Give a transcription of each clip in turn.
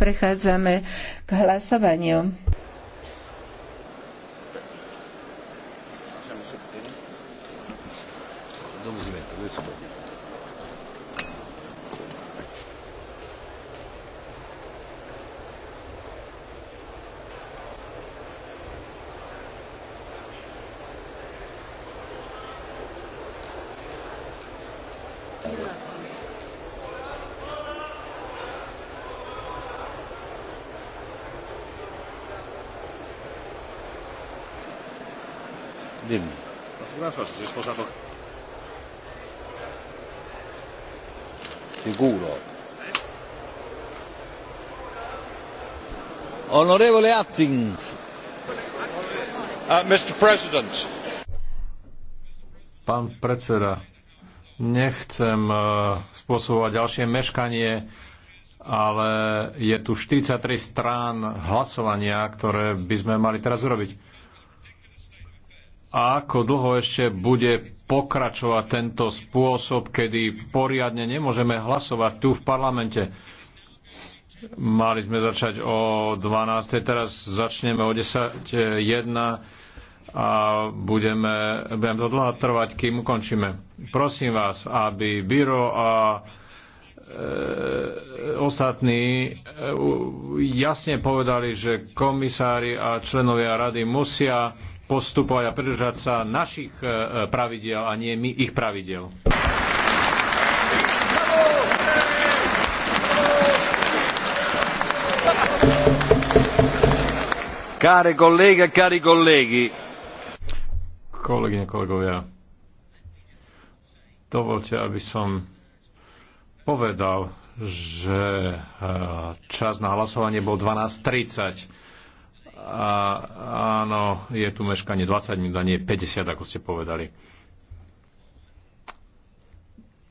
prechádzame k hlasovaniu. Domusíme, Sicuro. Attings. Uh, Mr. President. Pán predseda, nechcem uh, spôsobovať ďalšie meškanie, ale je tu 43 strán hlasovania, ktoré by sme mali teraz urobiť a ako dlho ešte bude pokračovať tento spôsob, kedy poriadne nemôžeme hlasovať tu v parlamente. Mali sme začať o 12. teraz začneme o 10.1 a budeme, budem to dlho trvať, kým ukončíme. Prosím vás, aby byro a e, ostatní e, jasne povedali, že komisári a členovia rady musia postupovať a pridržať sa našich e, pravidel a nie my ich pravidel. Care kolega, cari kolegi. Kolegyne, kolegovia, dovolte, aby som povedal, že e, čas na hlasovanie bol 12.30 a, áno, je tu meškanie 20 minút a nie 50, ako ste povedali.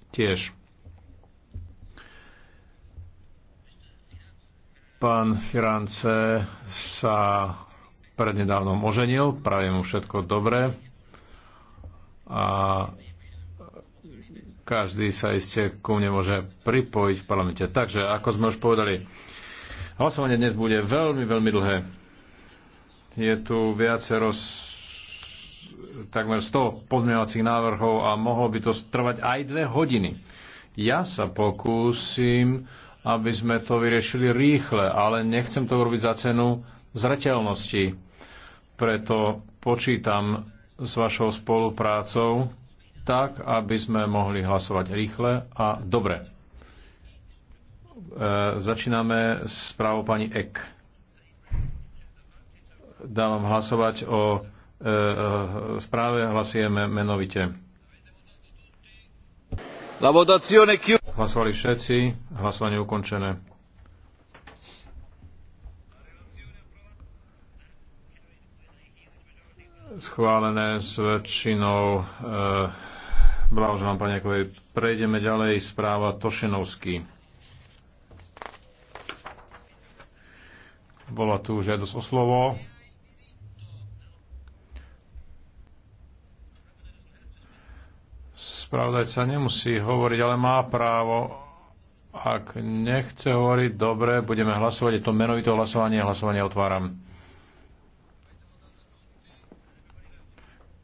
Tiež. Pán Firance sa prednedávnom oženil, prajem mu všetko dobré. A každý sa iste ku mne môže pripojiť v parlamente. Takže, ako sme už povedali, hlasovanie dnes bude veľmi, veľmi dlhé. Je tu viacero takmer 100 pozmeňovacích návrhov a mohlo by to trvať aj dve hodiny. Ja sa pokúsim, aby sme to vyriešili rýchle, ale nechcem to urobiť za cenu zreteľnosti. Preto počítam s vašou spoluprácou tak, aby sme mohli hlasovať rýchle a dobre. E, začíname s právou pani Ek dávam hlasovať o e, e, správe, hlasujeme menovite. Hlasovali všetci, hlasovanie ukončené. Schválené s väčšinou. E, blahoželám pani Jakovej. Prejdeme ďalej. Správa Tošenovský. bola tu žiadosť o slovo. spravodajca nemusí hovoriť, ale má právo. Ak nechce hovoriť, dobre, budeme hlasovať. Je to menovité hlasovanie. Hlasovanie otváram.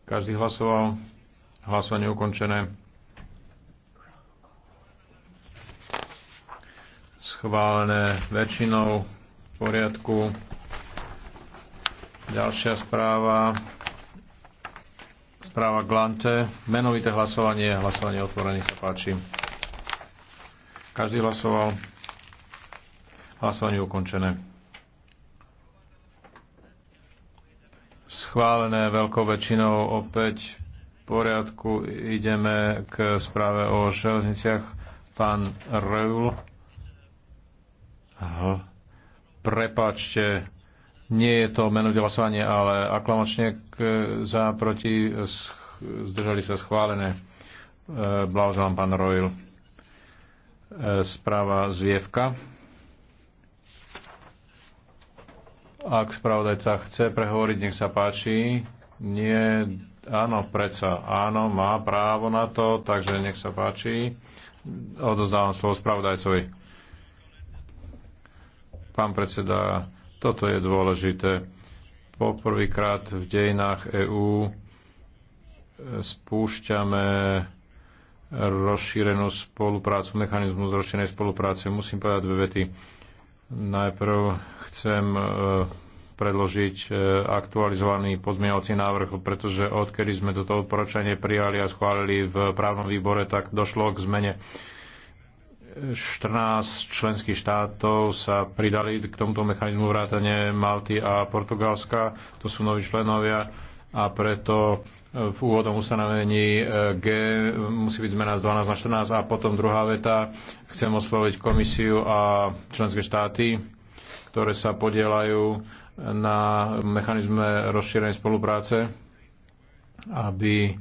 Každý hlasoval. Hlasovanie ukončené. Schválené väčšinou v poriadku. Ďalšia správa. Správa Glante. Menovité hlasovanie. Hlasovanie otvorené. Sa páči. Každý hlasoval. Hlasovanie ukončené. Schválené veľkou väčšinou opäť v poriadku. Ideme k správe o železniciach. Pán Reul. Aha. Prepačte, nie je to menovité hlasovanie, ale aklamačne za, proti, zdržali sa schválené. E, blahoželám pán Royal. E, správa Zvievka. Ak spravodajca chce prehovoriť, nech sa páči. Nie, áno, predsa, áno, má právo na to, takže nech sa páči. Odozdávam slovo spravodajcovi. Pán predseda, toto je dôležité. Poprvýkrát v dejinách EÚ e, spúšťame rozšírenú spoluprácu, mechanizmu rozšírenej spolupráce. Musím povedať dve vety. Najprv chcem e, predložiť e, aktualizovaný pozmeňovací návrh, pretože odkedy sme toto odporúčanie prijali a schválili v právnom výbore, tak došlo k zmene 14 členských štátov sa pridali k tomuto mechanizmu vrátane Malty a Portugalska. To sú noví členovia a preto e, v úvodnom ustanovení e, G musí byť zmena z 12 na 14 a potom druhá veta. Chcem osloviť komisiu a členské štáty, ktoré sa podielajú na mechanizme rozšírenej spolupráce, aby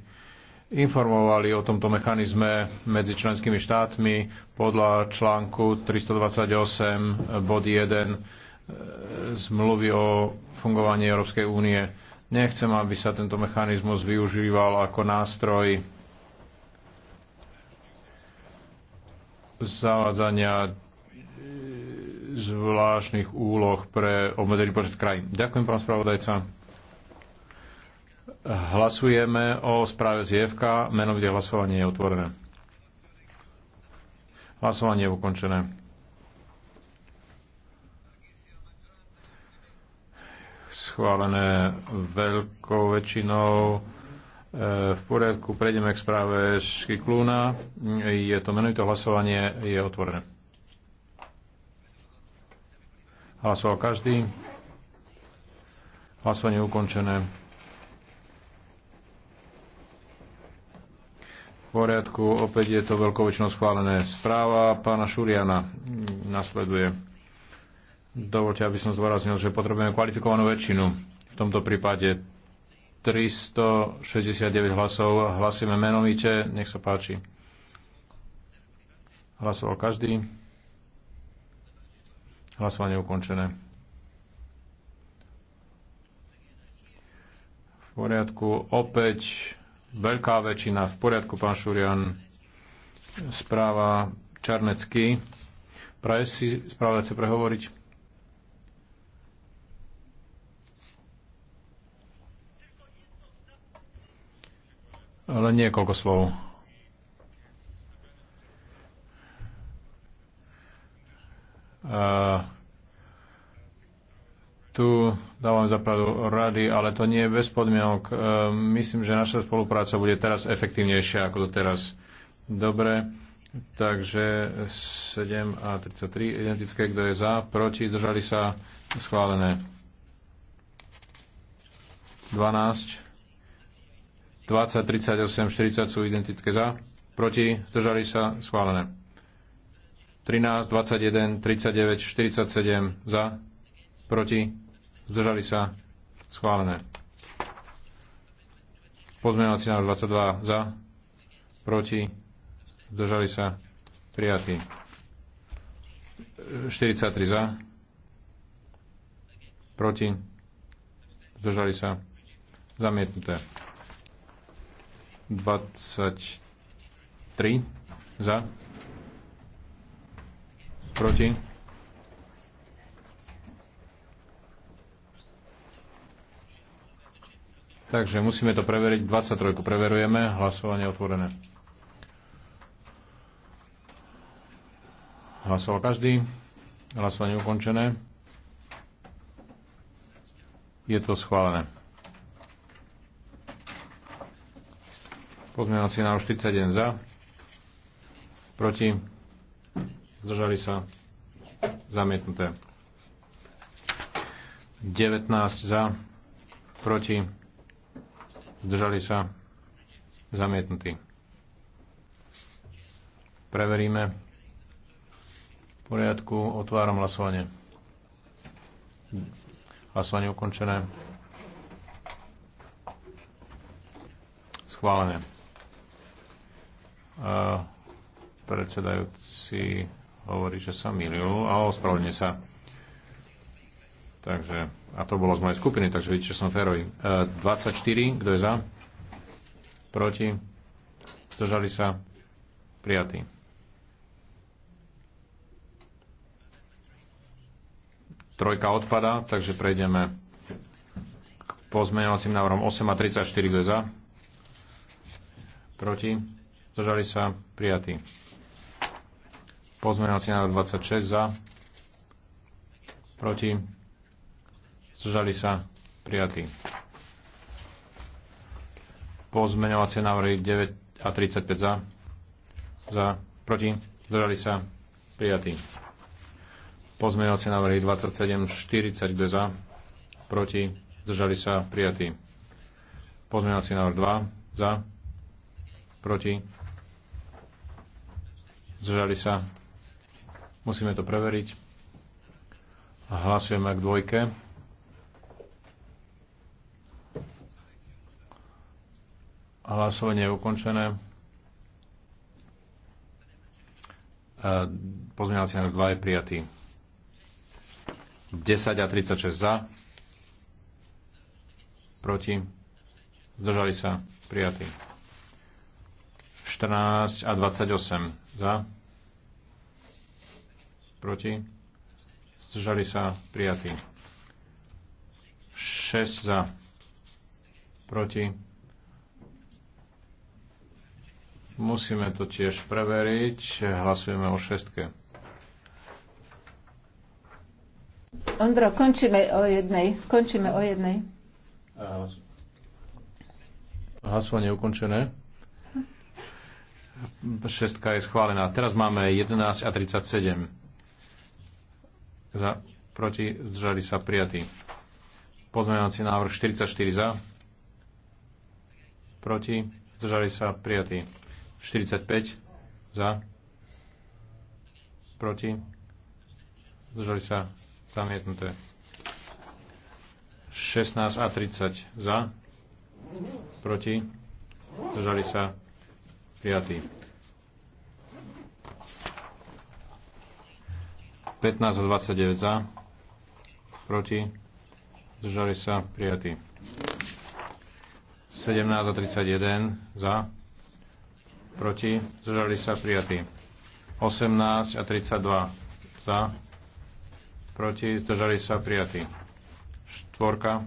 informovali o tomto mechanizme medzi členskými štátmi podľa článku 328 bod 1 e, zmluvy o fungovaní Európskej únie. Nechcem, aby sa tento mechanizmus využíval ako nástroj zavádzania e, zvláštnych úloh pre obmedzený počet krajín. Ďakujem, pán spravodajca. Hlasujeme o správe z JFK, menovite hlasovanie je otvorené. Hlasovanie je ukončené. Schválené veľkou väčšinou. E, v poriadku, prejdeme k správe Škiklúna. Je to menovité hlasovanie, je otvorené. Hlasoval každý. Hlasovanie je ukončené. poriadku, opäť je to väčšinou schválené. Správa pána Šuriana nasleduje. Dovolte, aby som zdôraznil, že potrebujeme kvalifikovanú väčšinu. V tomto prípade 369 hlasov. Hlasujeme menovite. Nech sa páči. Hlasoval každý. Hlasovanie ukončené. V poriadku. Opäť Veľká väčšina. V poriadku, pán Šurian. Správa Čarnecký. Praje si správa chce prehovoriť? Ale niekoľko slov. Uh, tu dávam zapravdu rady, ale to nie je bez podmienok. Ehm, myslím, že naša spolupráca bude teraz efektívnejšia ako teraz. Dobre, takže 7 a 33 identické, kto je za, proti, zdržali sa, schválené. 12, 20, 38, 40 sú identické za, proti, zdržali sa, schválené. 13, 21, 39, 47 za, proti, zdržali sa, schválené. Pozmeňovací návrh 22 za, proti, zdržali sa, prijatý. 43 za, proti, zdržali sa, zamietnuté. 23 za, proti, Takže musíme to preveriť. 23 preverujeme. Hlasovanie otvorené. Hlasoval každý. Hlasovanie ukončené. Je to schválené. Pozmeňovací návrh 41 za. Proti. Zdržali sa. Zamietnuté. 19 za. Proti zdržali sa, zamietnutí. Preveríme. V poriadku, otváram hlasovanie. Hlasovanie ukončené. Schválené. A predsedajúci hovorí, že sa milil a ospravedlňuje sa. Takže, a to bolo z mojej skupiny, takže vidíte, že som férový. E, 24, kto je za? Proti? Zdržali sa? Prijatý. Trojka odpada, takže prejdeme k pozmeňovacím návrhom 8 a 34, kto je za? Proti? Zdržali sa? Prijatý. Pozmeňovací návrh 26 za? Proti? Zdržali sa? Prijatí. Pozmeňovacie návrhy 9 a 35 za. Za. Proti. Zdržali sa? Prijatí. Pozmeňovacie návrhy 27, 40, kto za? Proti. Zdržali sa? Prijatí. Pozmeňovací návrh 2 za. Proti. Zdržali sa? Musíme to preveriť. Hlasujeme k dvojke. Hlasovanie je ukončené. E, pozmeňovací návrh 2 je prijatý. 10 a 36 za. Proti. Zdržali sa. Prijatý. 14 a 28 za. Proti. Zdržali sa. Prijatý. 6 za. Proti Musíme to tiež preveriť. Hlasujeme o šestke. Ondro, končíme o jednej. Končíme o jednej. Hlasovanie je ukončené. Šestka je schválená. Teraz máme 11 a 37. Za, proti, zdržali sa prijatí. Pozmeňovací návrh 44 za. Proti, zdržali sa prijatí. 45 za, proti, zdržali sa zamietnuté. 16 a 30 za, proti, zdržali sa prijatí. 15 a 29 za, proti, zdržali sa prijatí. 17 a 31 za, proti, zdržali sa prijatí. 18 a 32 za, proti, zdržali sa prijatí. Štvorka,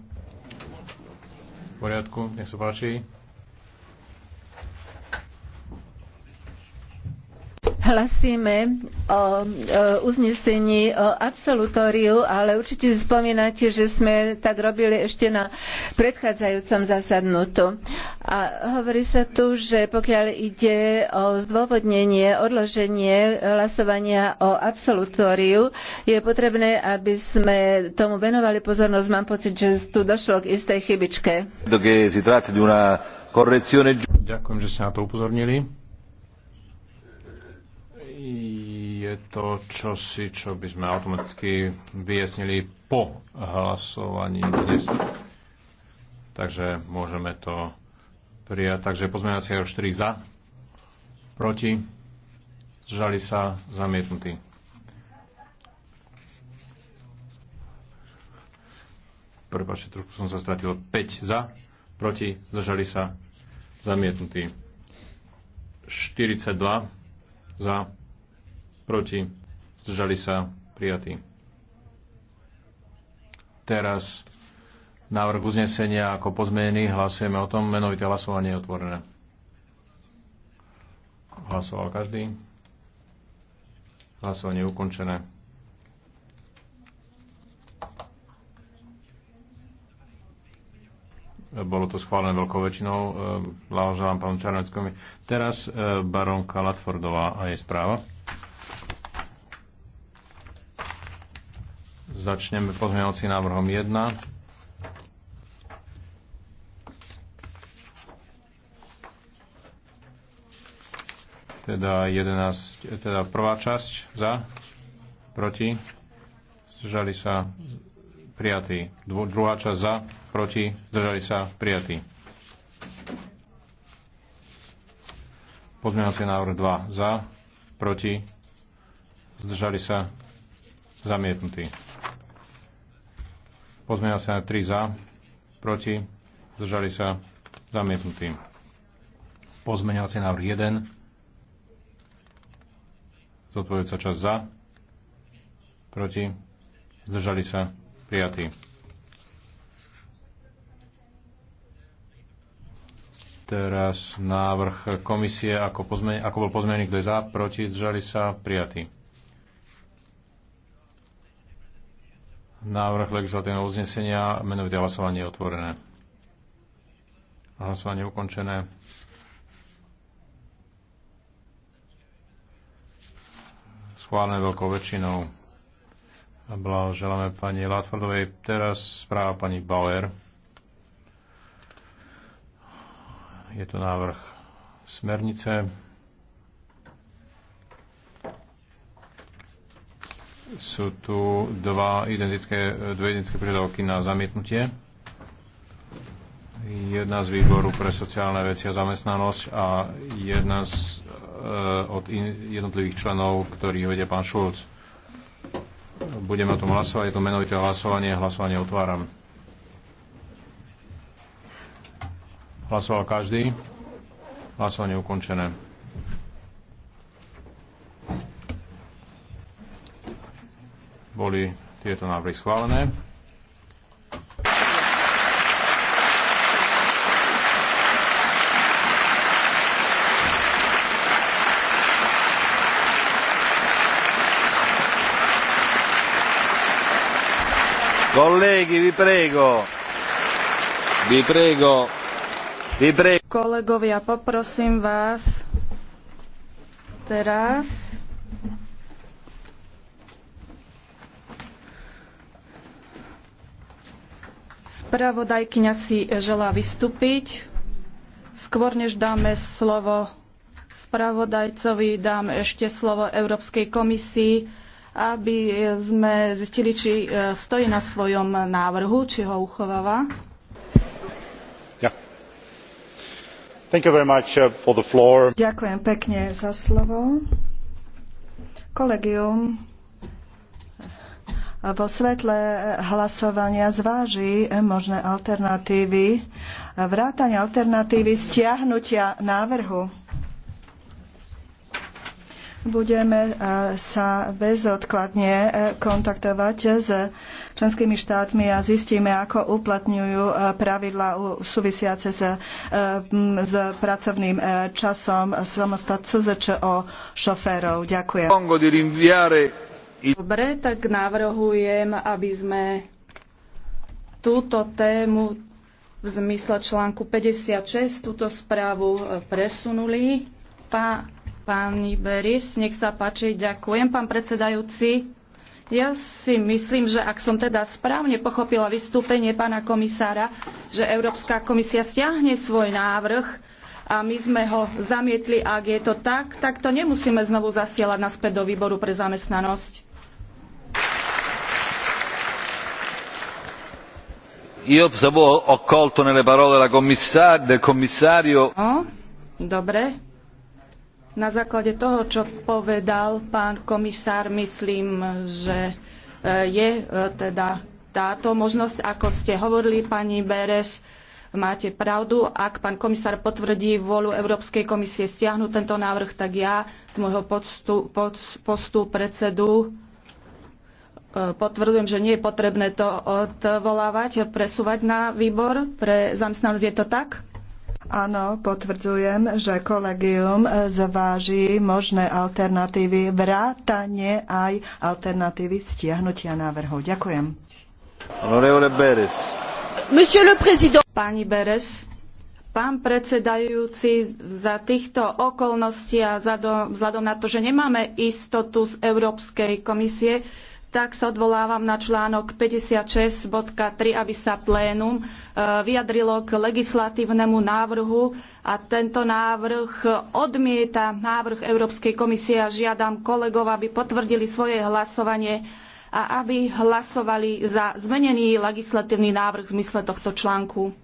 v poriadku, nech sa páči. hlasíme o uznesení o absolutóriu, ale určite si spomínate, že sme tak robili ešte na predchádzajúcom zasadnutu. A hovorí sa tu, že pokiaľ ide o zdôvodnenie, odloženie hlasovania o absolutóriu, je potrebné, aby sme tomu venovali pozornosť. Mám pocit, že tu došlo k istej chybičke. Ďakujem, že ste na to upozornili. je to čosi, čo by sme automaticky vyjasnili po hlasovaní dnes. Takže môžeme to prijať. Takže pozmeňovací 4 za, proti, zžali sa, zamietnutí. Prepačte, trošku som sa stratil. 5 za, proti, zažali sa, zamietnutí. 42 za, proti, zdržali sa, prijatí. Teraz návrh uznesenia ako pozmenený, hlasujeme o tom, menovité hlasovanie je otvorené. Hlasoval každý. Hlasovanie je ukončené. Bolo to schválené veľkou väčšinou. Ehm, blahoželám pánu Čarneckovi. Teraz ehm, baronka Latfordová a jej správa. Začneme pozmeňovací návrhom 1. Teda, 11, teda prvá časť za, proti, zdržali sa prijatí. Dvo, druhá časť za, proti, zdržali sa prijatí. Pozmeňovací návrh 2 za, proti, zdržali sa zamietnutí. Pozmenia sa na 3 za, proti, zdržali sa zamietnutí. Pozmeňovací návrh 1, zodpovedca čas za, proti, zdržali sa prijatí. Teraz návrh komisie, ako, pozmen- ako bol pozmenený, kto je za, proti, zdržali sa, prijatý. Návrh legislatívneho uznesenia, menovité hlasovanie je otvorené. Hlasovanie je ukončené. Schválené veľkou väčšinou. Blahoželáme pani Latfordovej. Teraz správa pani Bauer. Je to návrh smernice. Sú tu dva identické, dve identické požiadavky na zamietnutie. Jedna z výboru pre sociálne veci a zamestnanosť a jedna z, e, od in, jednotlivých členov, ktorý vedia pán Šulc. Budeme o tom hlasovať, je to menovité hlasovanie, hlasovanie otváram. Hlasoval každý. Hlasovanie ukončené. boli tieto návrhy schválené. prego. prego. prego. Kolegovia, poprosím vás teraz Spravodajkyňa si želá vystúpiť. Skôr než dáme slovo spravodajcovi, dám ešte slovo Európskej komisii, aby sme zistili, či e, stojí na svojom návrhu, či ho uchováva. Uh, Ďakujem pekne za slovo. Kolegium vo svetle hlasovania zváži možné alternatívy, vrátanie alternatívy stiahnutia návrhu. Budeme eh, sa bezodkladne eh, kontaktovať s členskými štátmi a zistíme, ako uplatňujú eh, pravidla súvisiace s, s pracovným časom samostat CZČO šoférov. Ďakujem. Dobre, tak navrhujem, aby sme túto tému v zmysle článku 56 túto správu e, presunuli. Pá, páni Beris, nech sa páči, ďakujem, pán predsedajúci. Ja si myslím, že ak som teda správne pochopila vystúpenie pána komisára, že Európska komisia stiahne svoj návrh a my sme ho zamietli. Ak je to tak, tak to nemusíme znovu zasielať naspäť do výboru pre zamestnanosť. Io avevo nelle parole della commissar- del commissario. No? dobre. Na základe toho, čo povedal pán komisár, myslím, že e, je e, teda táto možnosť, ako ste hovorili, pani Beres, máte pravdu. Ak pán komisár potvrdí vôľu Európskej komisie stiahnuť tento návrh, tak ja z môjho postu, postu predsedu potvrdzujem, že nie je potrebné to odvolávať, presúvať na výbor pre zamestnanosť. Je to tak? Áno, potvrdzujem, že kolegium zváži možné alternatívy vrátane aj alternatívy stiahnutia návrhov. Ďakujem. Pani Beres, pán predsedajúci, za týchto okolností a vzhľadom na to, že nemáme istotu z Európskej komisie, tak sa odvolávam na článok 56.3, aby sa plénum e, vyjadrilo k legislatívnemu návrhu a tento návrh odmieta návrh Európskej komisie a žiadam kolegov, aby potvrdili svoje hlasovanie a aby hlasovali za zmenený legislatívny návrh v zmysle tohto článku.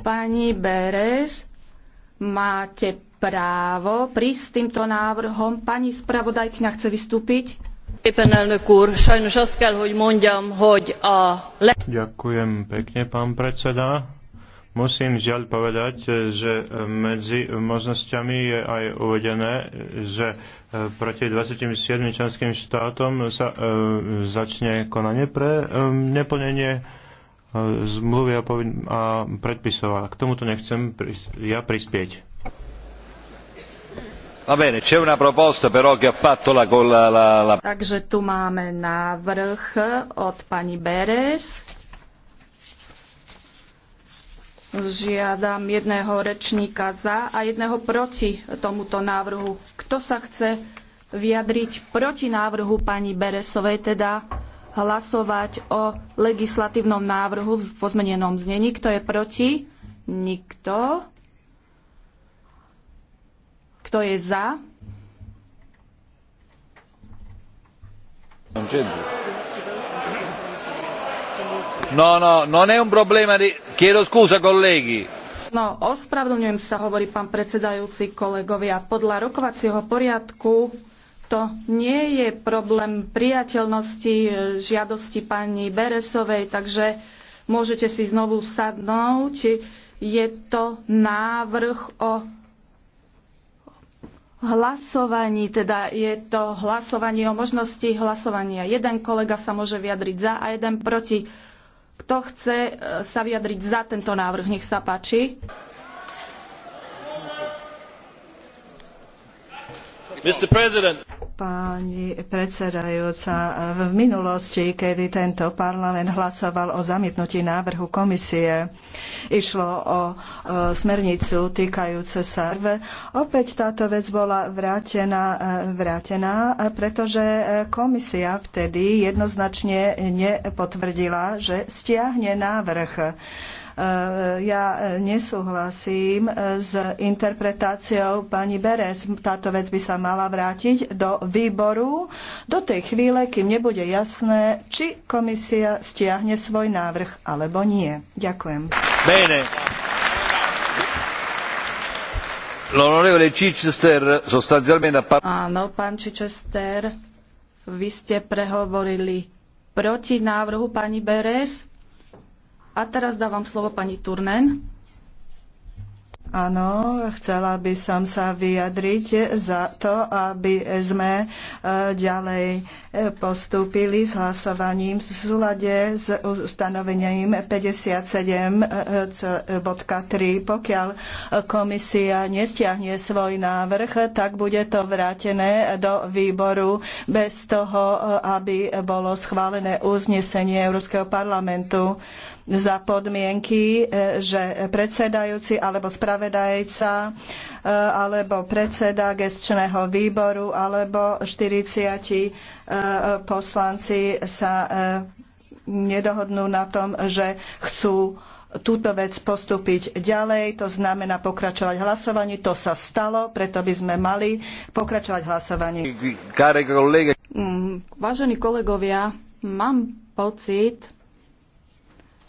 Pani Beres, máte právo prísť s týmto návrhom. Pani spravodajkňa chce vystúpiť. Ďakujem pekne, pán predseda. Musím žiaľ povedať, že medzi možnosťami je aj uvedené, že e, proti 27 členským štátom sa e, začne konanie pre e, neplnenie zmluvy a, predpisov. A k tomuto nechcem ja prispieť. Takže tu máme návrh od pani Beres. Žiadam jedného rečníka za a jedného proti tomuto návrhu. Kto sa chce vyjadriť proti návrhu pani Beresovej, teda hlasovať o legislatívnom návrhu v pozmenenom znení. Kto je proti? Nikto. Kto je za? No, no, non è un problema di... Chiedo scusa, colleghi. No, ospravedlňujem sa, hovorí pán predsedajúci kolegovia. Podľa rokovacieho poriadku to nie je problém priateľnosti e, žiadosti pani Beresovej, takže môžete si znovu sadnúť. Je to návrh o hlasovaní, teda je to hlasovanie o možnosti hlasovania. Jeden kolega sa môže vyjadriť za a jeden proti. Kto chce e, sa vyjadriť za tento návrh, nech sa páči. Mr. President. Pani predsedajúca, v minulosti, kedy tento parlament hlasoval o zamietnutí návrhu komisie, išlo o e, smernicu týkajúce sa. Opäť táto vec bola vrátená, e, vrátená, e, pretože komisia vtedy jednoznačne nepotvrdila, že stiahne návrh Eh, ja eh, nesúhlasím eh, s interpretáciou pani Beres. Táto vec by sa mala vrátiť do výboru do tej chvíle, kým nebude jasné, či komisia stiahne svoj návrh alebo nie. Ďakujem. Bene. L'onorevole Chichester sostanzialmente Áno, pán Chichester, vy ste prehovorili proti návrhu pani Beres a teraz dávam slovo pani Turnen. Áno, chcela by som sa vyjadriť za to, aby sme e, ďalej e, postúpili s hlasovaním v súlade s ustanovením 57.3. E, Pokiaľ komisia nestiahne svoj návrh, tak bude to vrátené do výboru bez toho, aby bolo schválené uznesenie Európskeho parlamentu za podmienky, e, že predsedajúci alebo spravedajca e, alebo predseda gestčného výboru alebo 40 e, poslanci sa nedohodnú na tom, že chcú túto vec postúpiť ďalej, to znamená pokračovať hlasovaní. To sa stalo, preto by sme mali pokračovať hlasovaní. Mm, vážení kolegovia, mám pocit,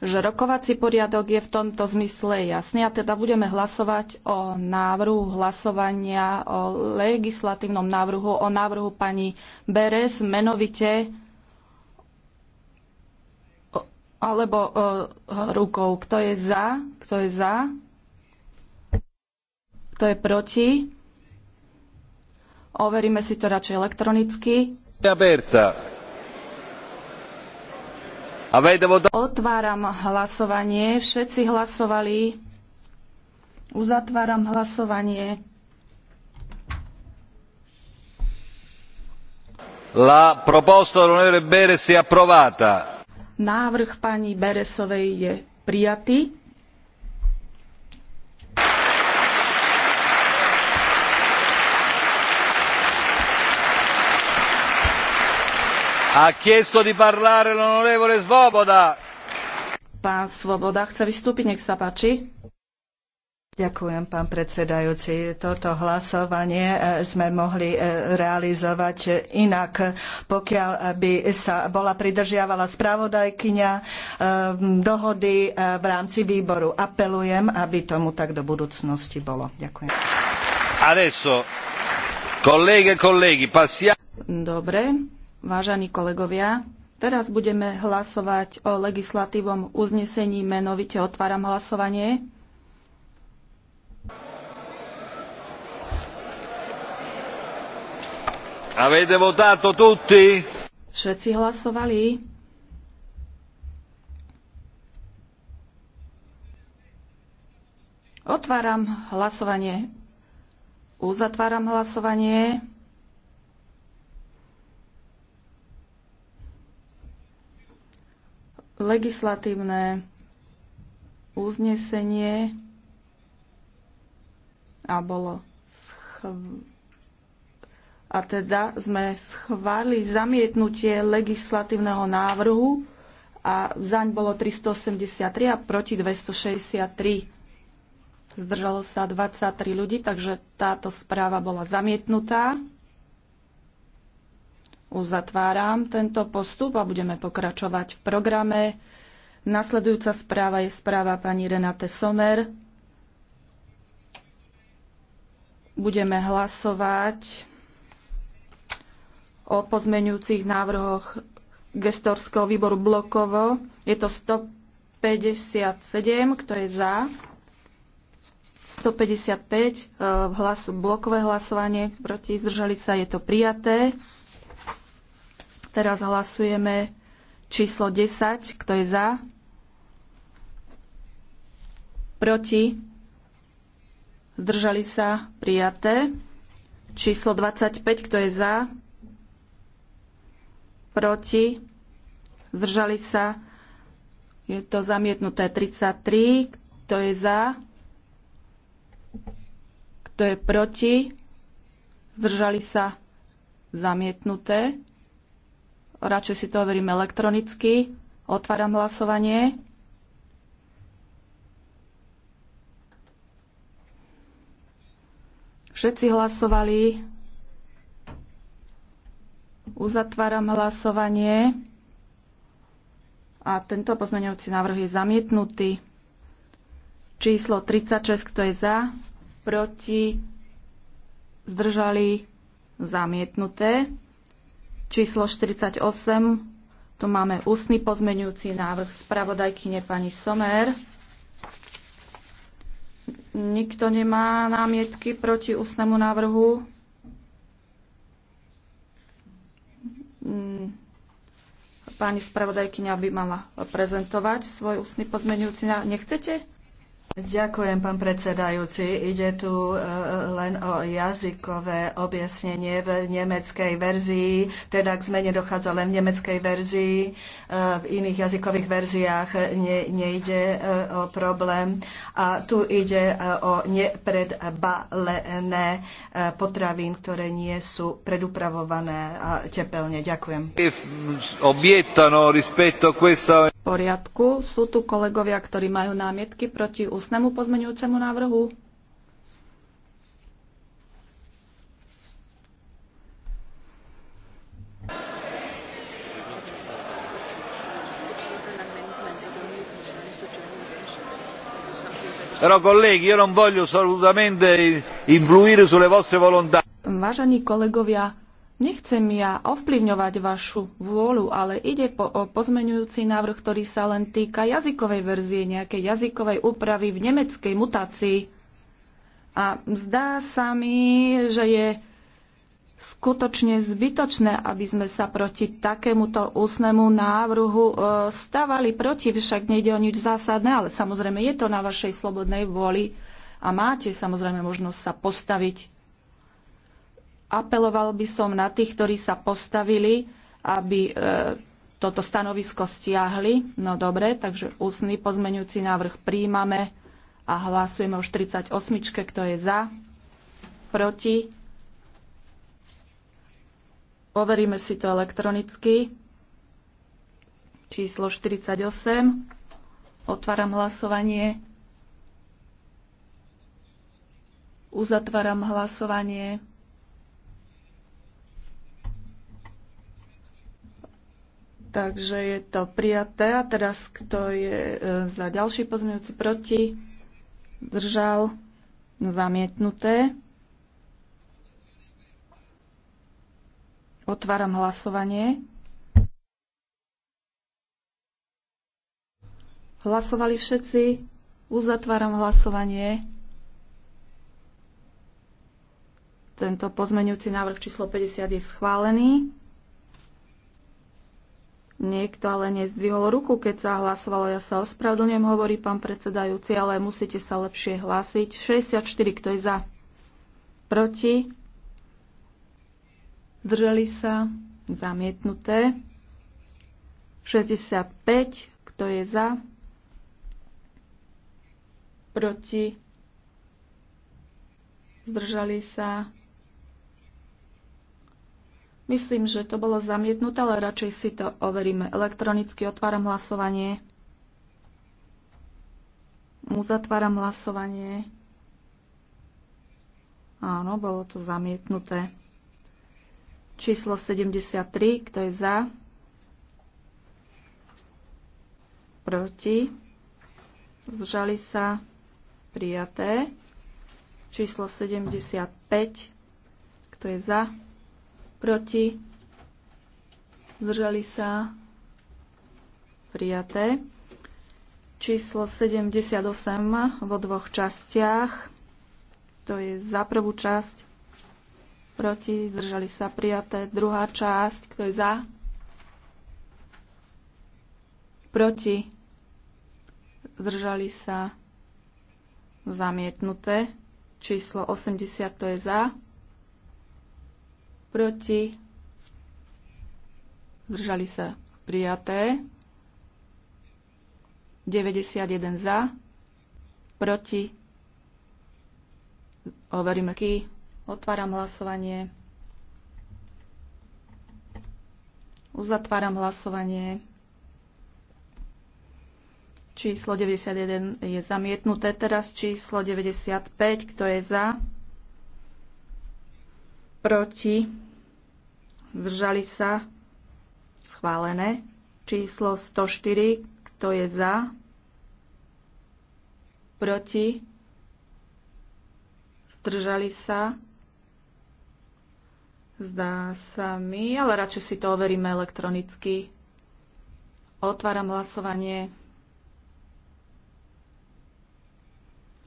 že rokovací poriadok je v tomto zmysle jasný a teda budeme hlasovať o návrhu hlasovania, o legislatívnom návrhu, o návrhu pani Beres, menovite alebo rukou. Kto je za? Kto je za? Kto je proti? Overíme si to radšej elektronicky. Aberta. Otváram hlasovanie. Všetci hlasovali. Uzatváram hlasovanie. La proposta dell'onorevole Beres è approvata. Návrh pani Beresovej je prijatý. Ha chiesto di parlare l'onorevole Svoboda. Pán Svoboda chce vystúpiť, nech sa páči. Ďakujem, pán predsedajúci. Toto hlasovanie e, sme mohli e, realizovať inak, pokiaľ by sa bola pridržiavala spravodajkyňa e, dohody v rámci výboru. Apelujem, aby tomu tak do budúcnosti bolo. Ďakujem. Adesso, Dobre, Vážení kolegovia, teraz budeme hlasovať o legislatívom uznesení menovite. Otváram hlasovanie. Avete votato tutti? Všetci hlasovali. Otváram hlasovanie. Uzatváram hlasovanie. legislatívne uznesenie a bolo schv- a teda sme schválili zamietnutie legislatívneho návrhu a zaň bolo 383 a proti 263. Zdržalo sa 23 ľudí, takže táto správa bola zamietnutá. Uzatváram tento postup a budeme pokračovať v programe. Nasledujúca správa je správa pani Renate Somer. Budeme hlasovať o pozmeňujúcich návrhoch gestorského výboru blokovo. Je to 157, kto je za. 155 eh, hlasu blokové hlasovanie proti, zdržali sa, je to prijaté. Teraz hlasujeme číslo 10. Kto je za? Proti? Zdržali sa? Prijaté. Číslo 25. Kto je za? Proti? Zdržali sa? Je to zamietnuté 33. Kto je za? Kto je proti? Zdržali sa? Zamietnuté radšej si to overím elektronicky. Otváram hlasovanie. Všetci hlasovali. Uzatváram hlasovanie. A tento pozmeňujúci návrh je zamietnutý. Číslo 36, kto je za, proti, zdržali, zamietnuté. Číslo 48, tu máme ústny pozmenujúci návrh spravodajkyne pani Somer. Nikto nemá námietky proti ústnemu návrhu? Mm. Pani spravodajkyňa by mala prezentovať svoj ústny pozmenujúci návrh. Nechcete? Ďakujem, pán predsedajúci. Ide tu e, len o jazykové objasnenie v nemeckej verzii, teda k zmene dochádza len v nemeckej verzii, e, v iných jazykových verziách ne, nejde e, o problém. A tu ide o nepredbalené potravín, ktoré nie sú predupravované a tepelne. Ďakujem poriadku. Sú tu kolegovia, ktorí majú námietky proti ústnemu pozmeňujúcemu návrhu? Però colleghi, io non voglio assolutamente influire sulle vostre volontà. Vážení kolegovia, Nechcem ja ovplyvňovať vašu vôľu, ale ide po, o pozmenujúci návrh, ktorý sa len týka jazykovej verzie, nejakej jazykovej úpravy v nemeckej mutácii. A zdá sa mi, že je skutočne zbytočné, aby sme sa proti takémuto ústnemu návrhu e, stavali proti, však nejde o nič zásadné, ale samozrejme je to na vašej slobodnej vôli a máte samozrejme možnosť sa postaviť apeloval by som na tých, ktorí sa postavili, aby e, toto stanovisko stiahli. No dobre, takže ústny pozmeňujúci návrh príjmame a hlasujeme už 38, kto je za, proti. Overíme si to elektronicky. Číslo 48. Otváram hlasovanie. Uzatváram hlasovanie. Takže je to prijaté. A teraz, kto je e, za ďalší pozmeňujúci proti? držal, Zamietnuté. Otváram hlasovanie. Hlasovali všetci? Uzatváram hlasovanie. Tento pozmeňujúci návrh číslo 50 je schválený. Niekto ale nezdvihol ruku, keď sa hlasovalo. Ja sa ospravedlňujem, hovorí pán predsedajúci, ale musíte sa lepšie hlásiť. 64, kto je za? Proti? Drželi sa? Zamietnuté. 65, kto je za? Proti? Zdržali sa? Myslím, že to bolo zamietnuté, ale radšej si to overíme. Elektronicky otváram hlasovanie. Uzatváram hlasovanie. Áno, bolo to zamietnuté. Číslo 73, kto je za? Proti? Zžali sa? Prijaté. Číslo 75, kto je za? proti, zdržali sa, prijaté. Číslo 78 vo dvoch častiach, to je za prvú časť, proti, zdržali sa, prijaté. Druhá časť, kto je za, proti, zdržali sa, zamietnuté. Číslo 80, to je za, proti, zdržali sa prijaté, 91 za, proti, overíme ký, otváram hlasovanie, uzatváram hlasovanie, číslo 91 je zamietnuté, teraz číslo 95, kto je za, proti, zdržali sa, schválené. Číslo 104, kto je za, proti, zdržali sa, zdá sa mi, ale radšej si to overíme elektronicky. Otváram hlasovanie.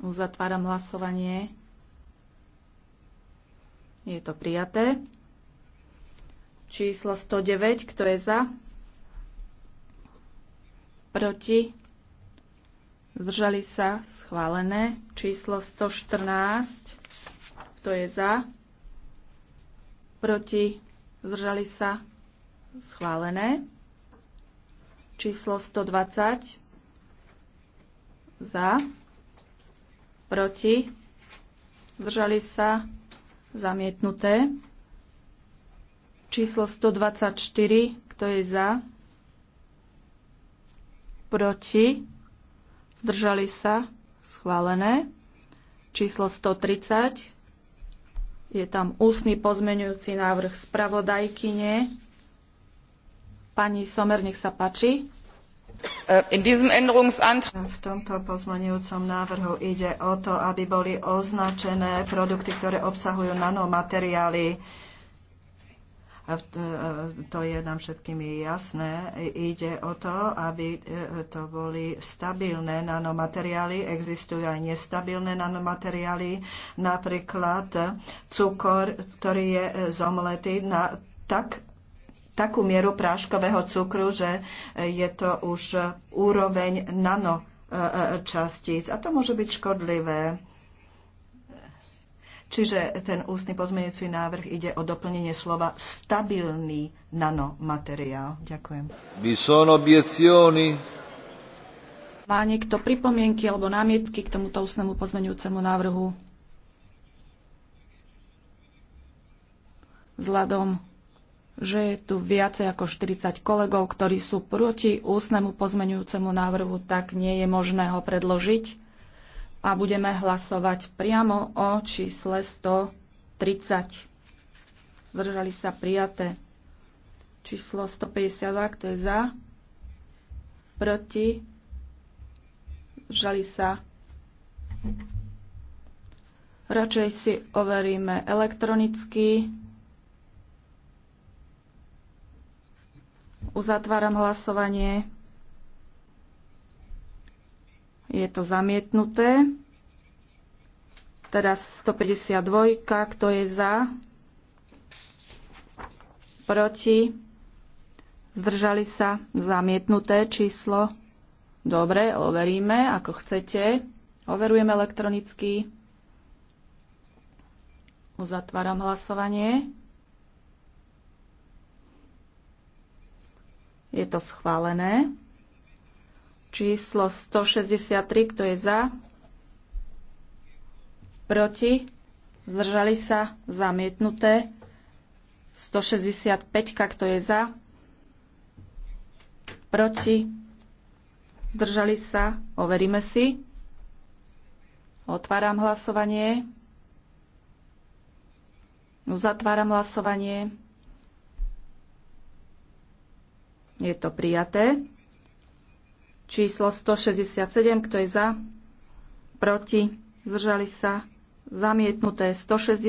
Uzatváram hlasovanie. Je to prijaté. Číslo 109, kto je za? Proti? Zdržali sa? Schválené. Číslo 114, kto je za? Proti? Zdržali sa? Schválené. Číslo 120, za? Proti? Zdržali sa? Zamietnuté. Číslo 124. Kto je za? Proti? Zdržali sa? Schválené. Číslo 130. Je tam ústny pozmenujúci návrh spravodajkyne. Pani Somer, nech sa páči. Äh, v tomto pozmeňujúcom návrhu ide o to, aby boli označené produkty, ktoré obsahujú nanomateriály. E, to je nám všetkým jasné. Ide o to, aby e, to boli stabilné nanomateriály. Existujú aj nestabilné nanomateriály, napríklad cukor, ktorý je zomletý na tak takú mieru práškového cukru, že je to už úroveň nanočastíc e, e, a to môže byť škodlivé. Čiže ten ústny pozmeňujúci návrh ide o doplnenie slova stabilný nanomateriál. Ďakujem. By sono obiezioni? Má niekto pripomienky alebo námietky k tomuto ústnemu pozmeňujúcemu návrhu? Vzhľadom že je tu viacej ako 40 kolegov, ktorí sú proti ústnemu pozmenujúcemu návrhu, tak nie je možné ho predložiť. A budeme hlasovať priamo o čísle 130. Zdržali sa prijaté. Číslo 152, kto je za? Proti? Zdržali sa. Radšej si overíme elektronicky. Uzatváram hlasovanie. Je to zamietnuté. Teraz 152. Kto je za? Proti? Zdržali sa? Zamietnuté číslo? Dobre, overíme, ako chcete. Overujeme elektronicky. Uzatváram hlasovanie. Je to schválené. Číslo 163, kto je za? Proti? Zdržali sa? Zamietnuté. 165, kto je za? Proti? Zdržali sa? Overíme si. Otváram hlasovanie. Uzatváram hlasovanie. Je to prijaté. Číslo 167, kto je za? Proti? Zdržali sa? Zamietnuté. 169,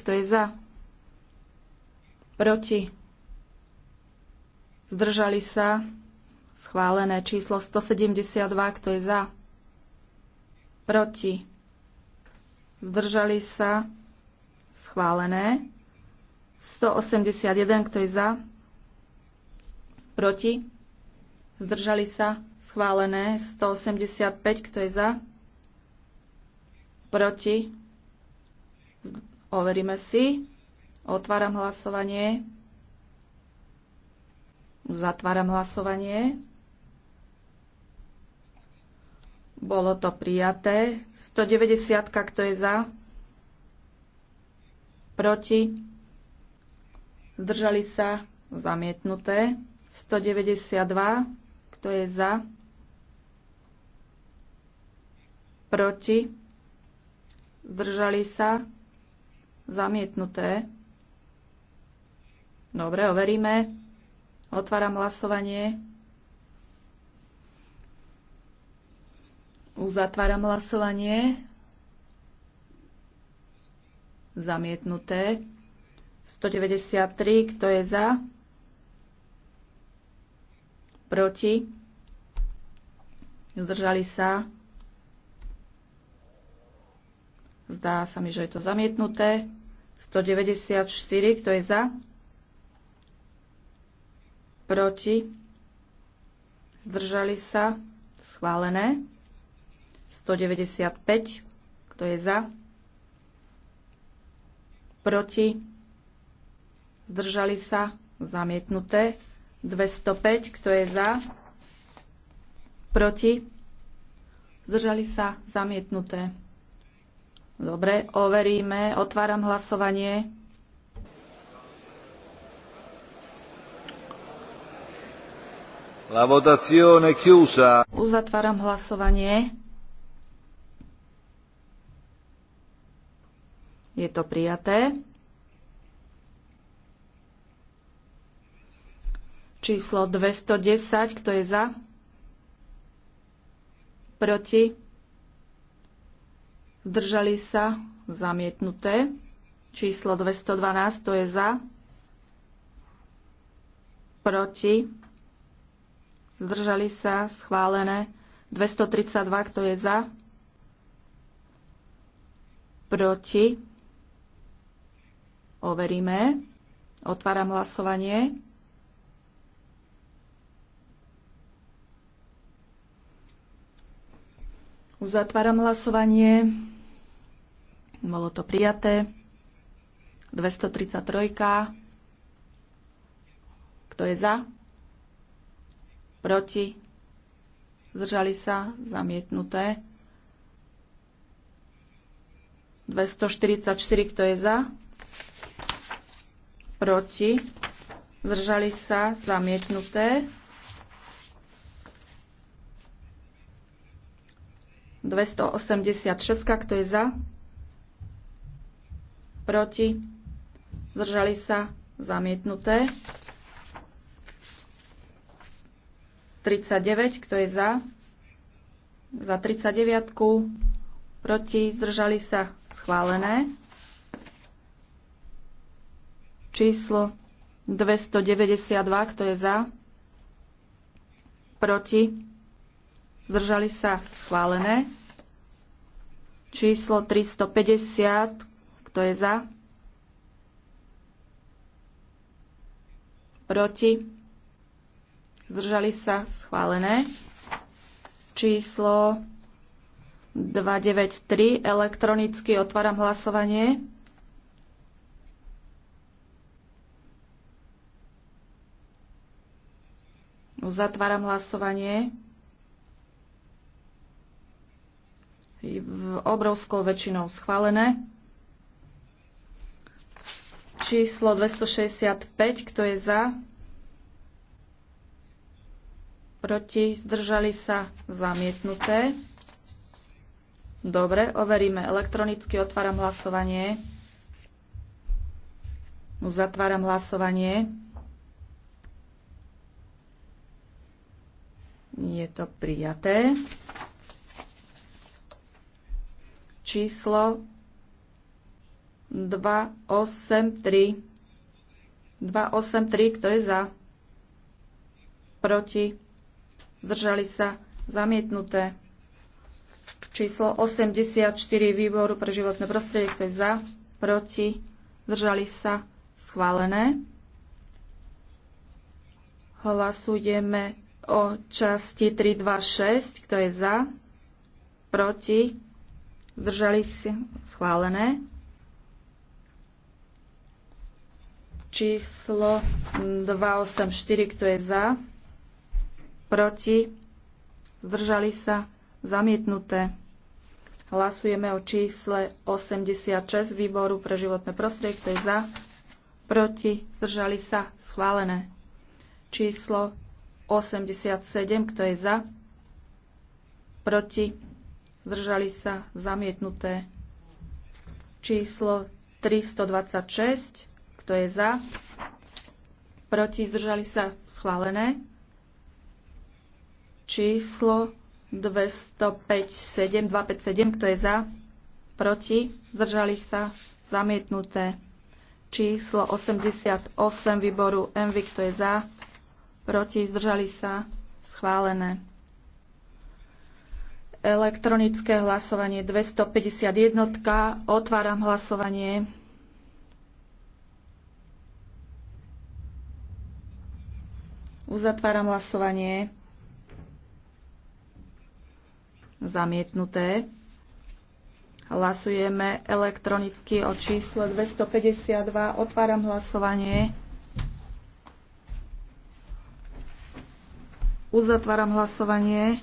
kto je za? Proti? Zdržali sa? Schválené. Číslo 172, kto je za? Proti? Zdržali sa? Schválené. 181, kto je za? proti, zdržali sa, schválené 185, kto je za, proti, overíme si, otváram hlasovanie, zatváram hlasovanie, bolo to prijaté, 190, kto je za, proti, zdržali sa, zamietnuté, 192. Kto je za? Proti? Zdržali sa? Zamietnuté. Dobre, overíme. Otváram hlasovanie. Uzatváram hlasovanie. Zamietnuté. 193, kto je za? proti, zdržali sa. Zdá sa mi, že je to zamietnuté. 194, kto je za? Proti, zdržali sa, schválené. 195, kto je za? Proti, zdržali sa, zamietnuté. 205, kto je za? Proti? Zdržali sa zamietnuté. Dobre, overíme. Otváram hlasovanie. La votazione chiusa. Uzatváram hlasovanie. Je to prijaté. číslo 210. Kto je za? Proti? Zdržali sa? Zamietnuté. Číslo 212. Kto je za? Proti? Zdržali sa? Schválené. 232. Kto je za? Proti? Overíme. Otváram hlasovanie. Uzatváram hlasovanie. Bolo to prijaté. 233. Kto je za? Proti? Zdržali sa? Zamietnuté. 244. Kto je za? Proti? Zdržali sa? Zamietnuté. 286, kto je za? Proti? Zdržali sa? Zamietnuté. 39, kto je za? Za 39, proti? Zdržali sa? Schválené. Číslo 292, kto je za? Proti? zdržali sa schválené. Číslo 350, kto je za? Proti? Zdržali sa schválené. Číslo 293, elektronicky otváram hlasovanie. Uzatváram hlasovanie. obrovskou väčšinou schválené. Číslo 265, kto je za? Proti, zdržali sa zamietnuté. Dobre, overíme elektronicky, otváram hlasovanie. Zatváram hlasovanie. Je to prijaté číslo 283. 283, kto je za? Proti? Zdržali sa? Zamietnuté. Číslo 84 výboru pre životné prostredie, kto je za? Proti? Zdržali sa? Schválené. Hlasujeme o časti 326, kto je za? Proti? Zdržali si schválené. Číslo 284, kto je za? Proti? Zdržali sa? Zamietnuté. Hlasujeme o čísle 86 výboru pre životné prostredie, kto je za? Proti? Zdržali sa? Schválené. Číslo 87, kto je za? Proti? zdržali sa zamietnuté. Číslo 326, kto je za, proti, zdržali sa schválené. Číslo 257, 257, kto je za, proti, zdržali sa zamietnuté. Číslo 88 výboru MV, kto je za, proti, zdržali sa schválené Elektronické hlasovanie 251. Otváram hlasovanie. Uzatváram hlasovanie. Zamietnuté. Hlasujeme elektronicky o čísle 252. Otváram hlasovanie. Uzatváram hlasovanie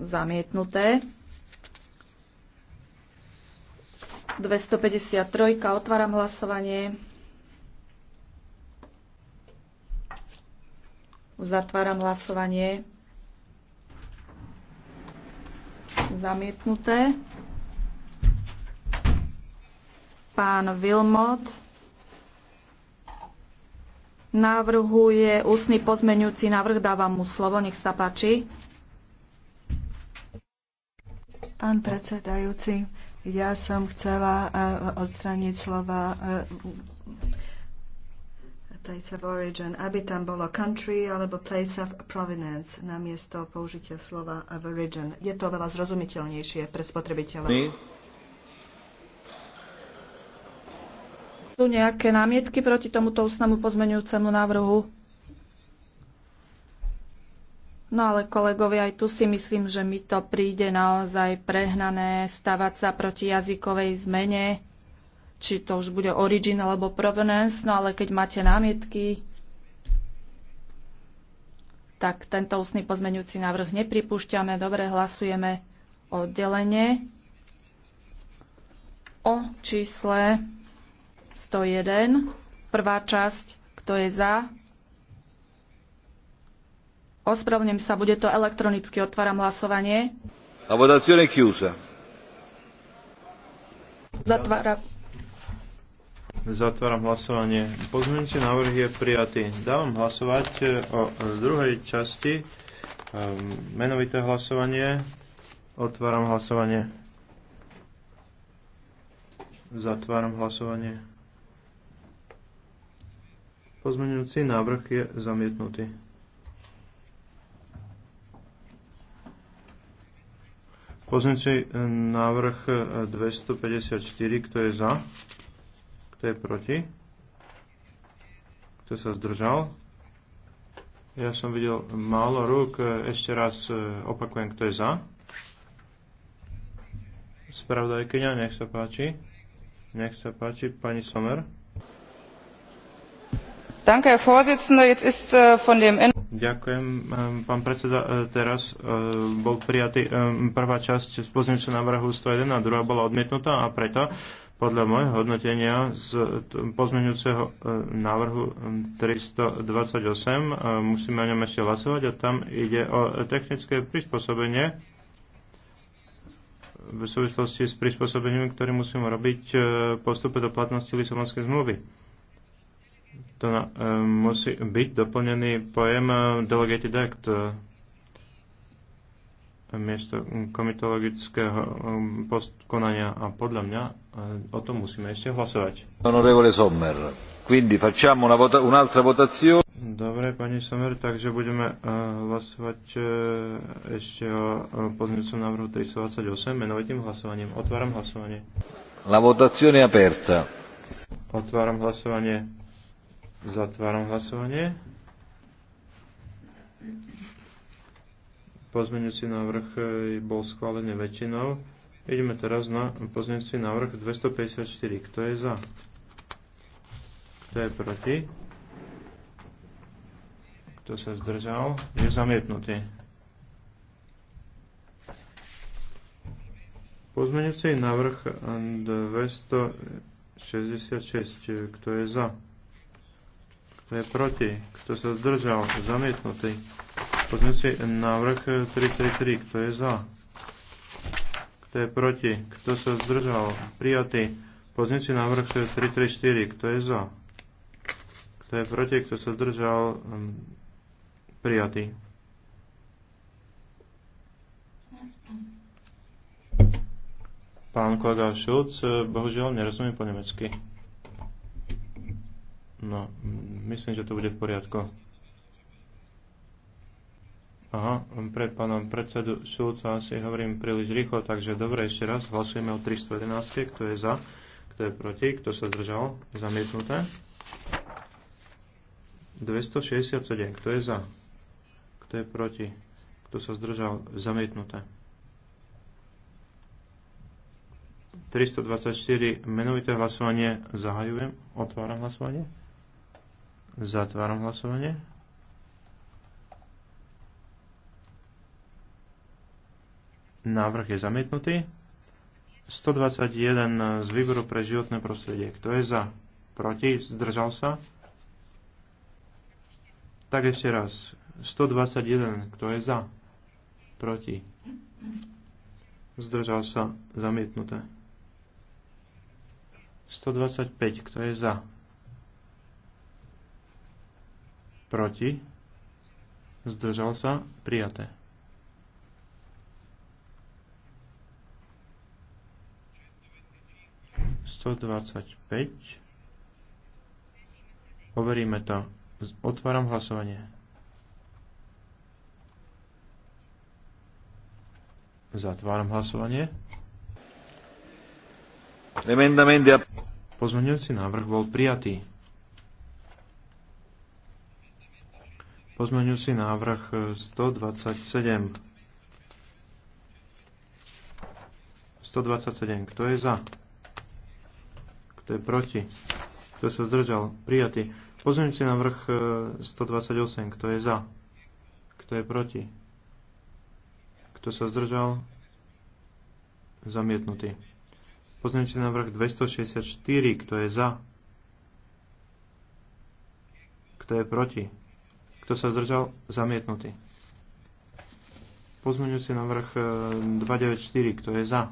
zamietnuté. 253. Otváram hlasovanie. Uzatváram hlasovanie. Zamietnuté. Pán Vilmot navrhuje ústny pozmeňujúci návrh. Dávam mu slovo. Nech sa páči. Pán predsedajúci, ja som chcela eh, odstraniť slova eh, place of origin, aby tam bolo country alebo place of provenance namiesto použitia slova of origin. Je to veľa zrozumiteľnejšie pre spotrebiteľov. Sú nejaké námietky proti tomuto ústnemu pozmeňujúcemu návrhu? No ale kolegovia, aj tu si myslím, že mi to príde naozaj prehnané stavať sa proti jazykovej zmene, či to už bude origin alebo provenance, no ale keď máte námietky, tak tento ústny pozmeňujúci návrh nepripúšťame. Dobre, hlasujeme oddelenie o čísle 101. Prvá časť, kto je za, Ospravnem sa, bude to elektronicky. Otváram hlasovanie. A votazione chiusa. Zatváram hlasovanie. Pozmeňte návrh je prijatý. Dávam hlasovať e, o e, druhej časti. E, menovité hlasovanie. Otváram hlasovanie. Zatváram hlasovanie. Pozmeňujúci návrh je zamietnutý. Pozmeňujúci e, návrh 254, e, kto je za? Kto je proti? Kto sa zdržal? Ja som videl málo rúk. E, ešte raz opakujem, kto je za. Spravodajkyňa, nech sa páči. Nech sa páči, pani Somer. Danke, Herr Vorsitzender. Jetzt ist äh, von dem Ďakujem, ehm, pán predseda. E, teraz e, bol prijatý e, prvá časť z pozemčného návrhu 101 a druhá bola odmietnutá a preto podľa môjho hodnotenia z pozmeňujúceho návrhu 328 musíme o ňom ešte hlasovať a tam ide o technické prispôsobenie v súvislosti s prispôsobením, ktoré musíme robiť postupe do platnosti Lisabonskej zmluvy to na, e, musí byť doplnený pojem e, delegated act e, miesto komitologického postkonania a podľa mňa o tom musíme ešte hlasovať. Honorevole Sommer, quindi facciamo una vota, un'altra votazione. Dobre, pani Sommer, takže budeme hlasovať ešte o pozmeňujúcom návrhu 328 menovitým hlasovaním. Otváram hlasovanie. La votazione aperta. Otváram hlasovanie. Zatváram hlasovanie. Pozmeňujúci návrh e, bol schválený väčšinou. Ideme teraz na pozmeňujúci návrh 254. Kto je za? Kto je proti? Kto sa zdržal? Je zamietnutý. Pozmeňujúci návrh 266. Kto je za? Kto je proti? Kto sa zdržal? Zamietnutý. si návrh 333. Kto je za? Kto je proti? Kto sa zdržal? Prijatý. si návrh 334. Kto je za? Kto je proti? Kto sa zdržal? Mm, prijatý. Pán kolega Šulc, bohužiaľ nerozumiem po nemecky. No, myslím, že to bude v poriadku. Aha, pred pánom predsedu Šulca asi hovorím príliš rýchlo, takže dobre, ešte raz hlasujeme o 311, kto je za, kto je proti, kto sa zdržal, zamietnuté. 267, kto je za, kto je proti, kto sa zdržal, zamietnuté. 324, menovité hlasovanie, zahajujem, otváram hlasovanie. Zatváram hlasovanie. Návrh je zamietnutý. 121 z výboru pre životné prostredie. Kto je za? Proti? Zdržal sa? Tak ešte raz. 121. Kto je za? Proti? Zdržal sa? Zamietnuté. 125. Kto je za? proti, zdržal sa, prijaté. Sto Overíme to. Otváram hlasovanie. Zatváram hlasovanie. Pozmeňujúci návrh bol prijatý. Pozmeňujúci návrh 127. E, 127. Kto je za? Kto je proti? Kto sa zdržal? Prijatý. Pozmeňujúci návrh 128. E, Kto je za? Kto je proti? Kto sa zdržal? Zamietnutý. Pozmeňujúci návrh 264. Kto je za? Kto je proti? Kto sa zdržal? Zamietnutý. Pozmeňujúci návrh 294. E, Kto je za?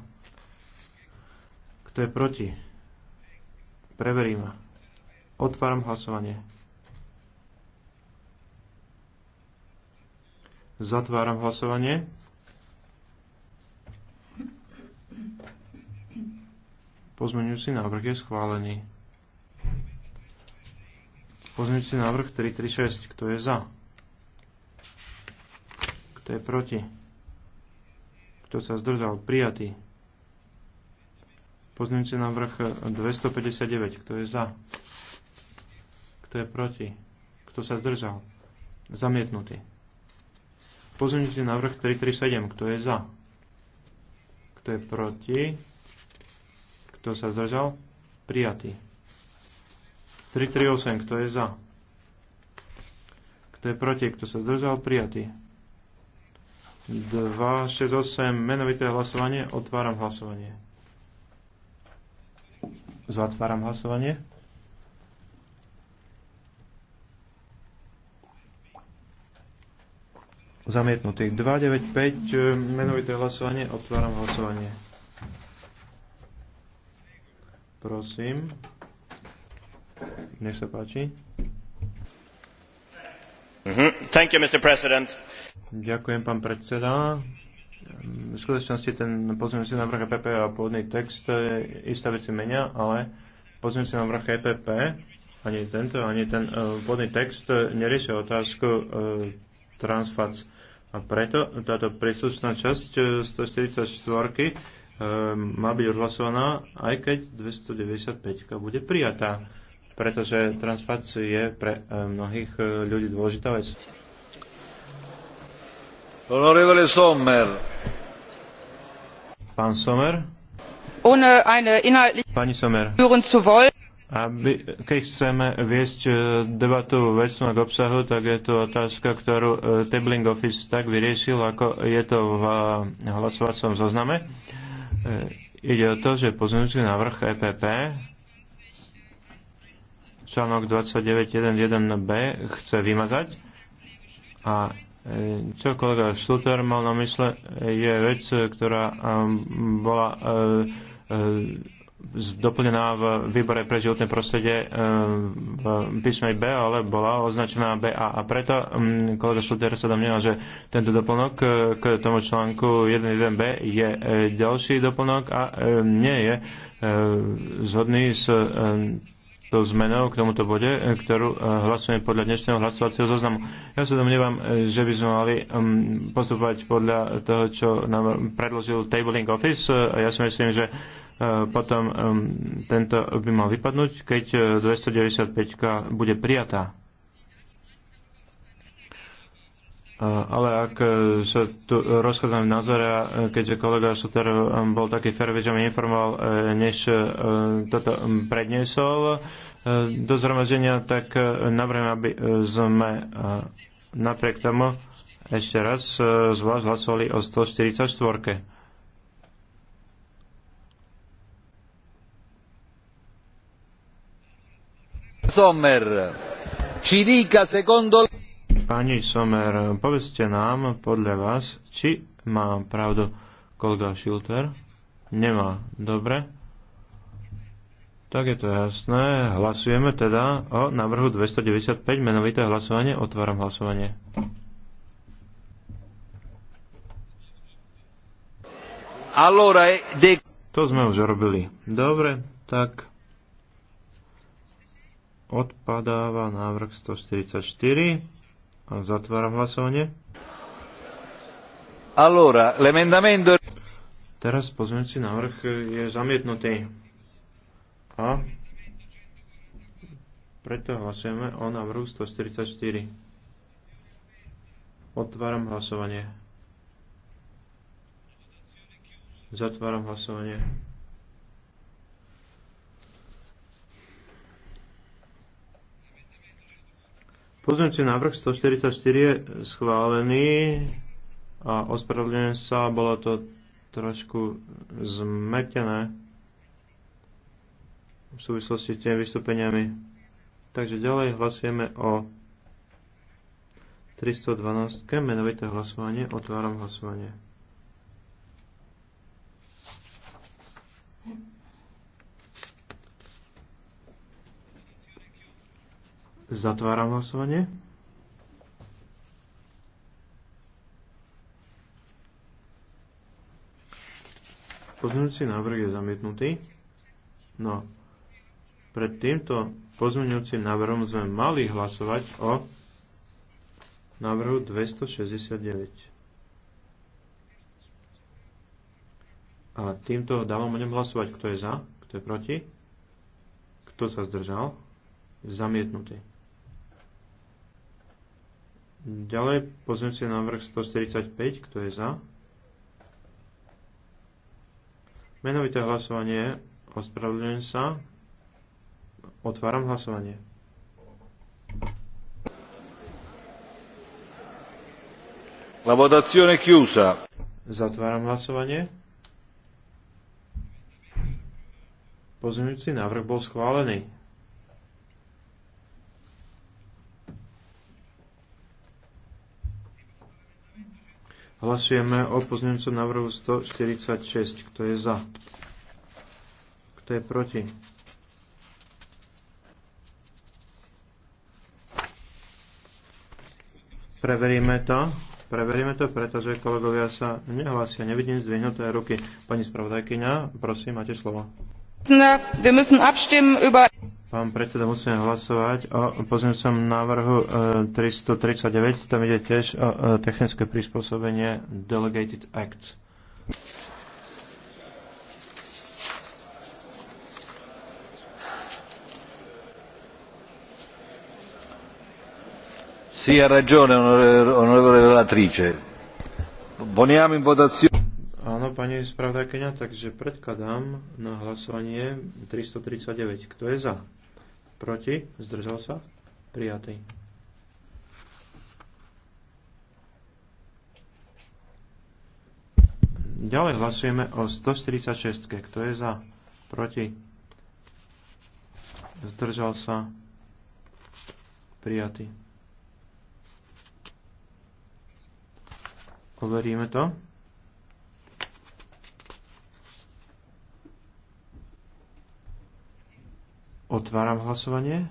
Kto je proti? Preveríme. Otváram hlasovanie. Zatváram hlasovanie. Pozmeňujúci návrh je schválený. Pozmeňujúci návrh 336. Kto je za? Kto je proti? Kto sa zdržal? Prijatý. Pozmeňujúci návrh 259. Kto je za? Kto je proti? Kto sa zdržal? Zamietnutý. Pozmeňujúci návrh 337. Kto je za? Kto je proti? Kto sa zdržal? Prijatý. 338, kto je za? Kto je proti? Kto sa zdržal? Prijatý. 268, menovité hlasovanie. Otváram hlasovanie. Zatváram hlasovanie. Zamietnutý. 295, e, menovité hlasovanie. Otváram hlasovanie. Prosím. Nech sa páči. Mm-hmm. Thank you, Mr. President. Ďakujem, pán predseda. V skutočnosti ten pozmeňujúci návrh EPP a pôvodný text e, istá veci menia, ale pozmeňujúci návrh EPP, ani tento, ani ten e, pôvodný text e, neriešia otázku transfac. A preto táto príslušná časť 144 má byť odhlasovaná, aj keď 295 bude prijatá pretože transfat je pre e, mnohých e, ľudí dôležitá vec. Honorable Sommer. Pán Sommer. Ohne eine inhaltliche Pani Sommer. zu wollen. Aby, keď chceme viesť e, debatu vecnú k obsahu, tak je to otázka, ktorú Tabling Office tak vyriešil, ako je to v hlasovacom zozname. Ide o to, že pozmeňujúci návrh EPP článok 29.1.1b chce vymazať. A e, čo kolega Schluter mal na mysle, je vec, ktorá um, bola e, e, doplnená v výbore pre životné prostredie v písmej B, ale bola označená B A A preto um, kolega Schluter sa domnieva, že tento doplnok k tomu článku 1.1b je ďalší doplnok a nie je zhodný s tou zmenou k tomuto bode, e, ktorú e, hlasujeme podľa dnešného hlasovacieho zoznamu. Ja sa domnievam, e, že by sme mali mm, postupovať podľa toho, čo nám predložil Tabling Office. Ja si myslím, že potom mm, tento by mal vypadnúť, keď 295 bude prijatá. ale ak e, sa tu rozchádzame v názore, keďže kolega Suter e, bol taký fervý, že mi informoval, e, než toto predniesol do zhromaženia, tak navrhujem, aby sme napriek tomu ešte raz vás hlasovali o 144. Sommer, ci dica secondo Pani Somer, povedzte nám podľa vás, či má pravdu kolega Šilter. Nemá. Dobre. Tak je to jasné. Hlasujeme teda o návrhu 295, menovité hlasovanie. Otváram hlasovanie. Allora, eh, de... To sme už robili. Dobre, tak odpadáva návrh 144. Zatváram hlasovanie. Allora, l'emendamento... Teraz pozmeňujúci návrh je zamietnutý. A preto hlasujeme o návrhu 144. Otváram hlasovanie. Zatváram hlasovanie. Pozmeňujúci návrh 144 je schválený a ospravedlňujem sa, bolo to trošku zmetené v súvislosti s tými vystúpeniami. Takže ďalej hlasujeme o 312. Menovité hlasovanie. Otváram hlasovanie. Zatváram hlasovanie. Pozmeňujúci návrh je zamietnutý. No, pred týmto pozmeňujúcim návrhom sme mali hlasovať o návrhu 269. A týmto dávam o ňom hlasovať, kto je za, kto je proti, kto sa zdržal, zamietnutý. Ďalej si návrh 145, kto je za? Menovité hlasovanie, ospravedlňujem sa. Otváram hlasovanie. La votazione chiusa. Zatváram hlasovanie. Pozmeňujúci návrh bol schválený. Hlasujeme o pozmeňujúcom návrhu 146. Kto je za? Kto je proti? Preveríme to. Preveríme to, pretože kolegovia sa nehlásia. Nevidím zdvihnuté ruky. Pani spravodajkyňa, prosím, máte slovo. Wir müssen abstimmen über Pán predseda, musíme hlasovať o pozmeňujúcom návrhu 339. E, Tam ide tiež o e, technické prispôsobenie Delegated Acts. Sì, ha ragione, onorevole relatrice. Poniamo in votazione. Áno, pani spravodajkyňa, takže predkladám na hlasovanie 339. Kto je za? Proti? Zdržal sa? Prijatý. Ďalej hlasujeme o 146. Kto je za? Proti? Zdržal sa? Prijatý. Overíme to. Otváram hlasovanie.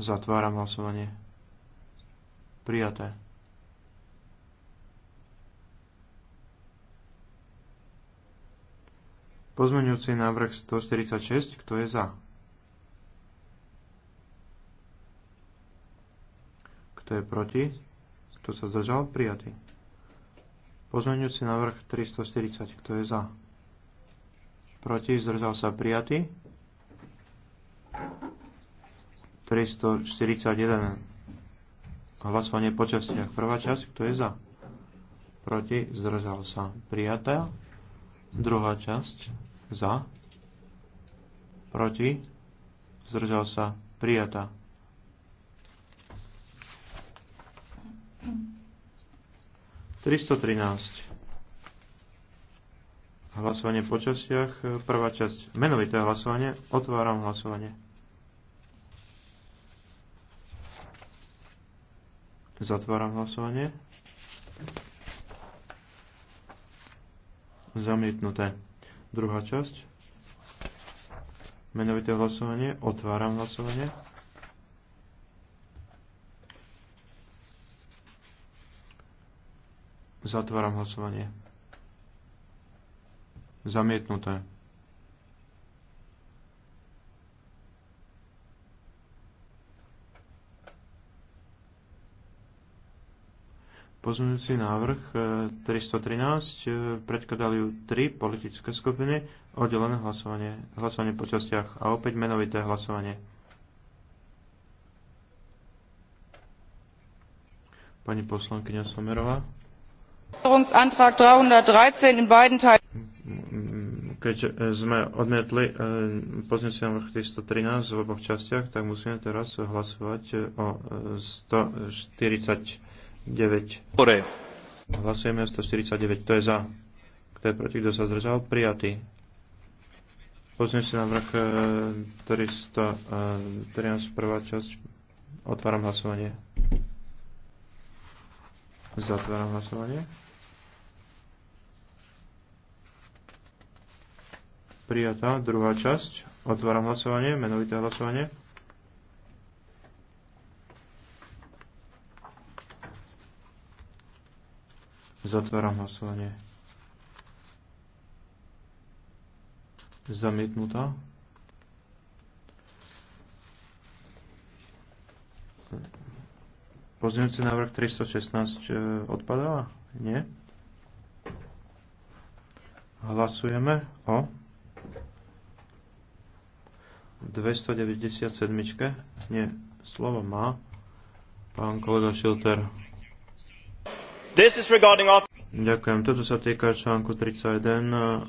Zatváram hlasovanie. Prijaté. Pozmeňujúci návrh 146, kto je za? Kto je proti? Kto sa zdržal? Prijatý. Pozmeňujúci návrh 340, kto je za? proti, zdržal sa prijatý. 341. Hlasovanie po častiach. Prvá časť, kto je za? Proti, zdržal sa prijatá. Druhá časť, za. Proti, zdržal sa prijatá. Tristo trinásť hlasovanie po častiach. Prvá časť menovité hlasovanie. Otváram hlasovanie. Zatváram hlasovanie. Zamietnuté. Druhá časť. Menovité hlasovanie. Otváram hlasovanie. Zatváram hlasovanie. Zamietnuté. Pozmeňujúci návrh 313 e, e, predkladali ju tri politické skupiny, oddelené hlasovanie, hlasovanie po častiach a opäť menovité hlasovanie. Pani poslankyňa Somerová. 313 in beiden keď sme odmietli e, pozmeňujúci vrch 313 v oboch častiach, tak musíme teraz hlasovať o 149. E, Hlasujeme o 149. Kto je za? Kto je proti? Kto sa zdržal? Prijatý. na e, návrh 313, prvá časť. Otváram hlasovanie. Zatváram hlasovanie. Prijatá druhá časť. Otváram hlasovanie, menovité hlasovanie. Zatváram hlasovanie. Zamietnutá. Pozňujúci návrh 316 e, odpadá? Nie. Hlasujeme o 297. Nie, slovo má pán kolega Šilter. Ďakujem. Toto sa týka článku 31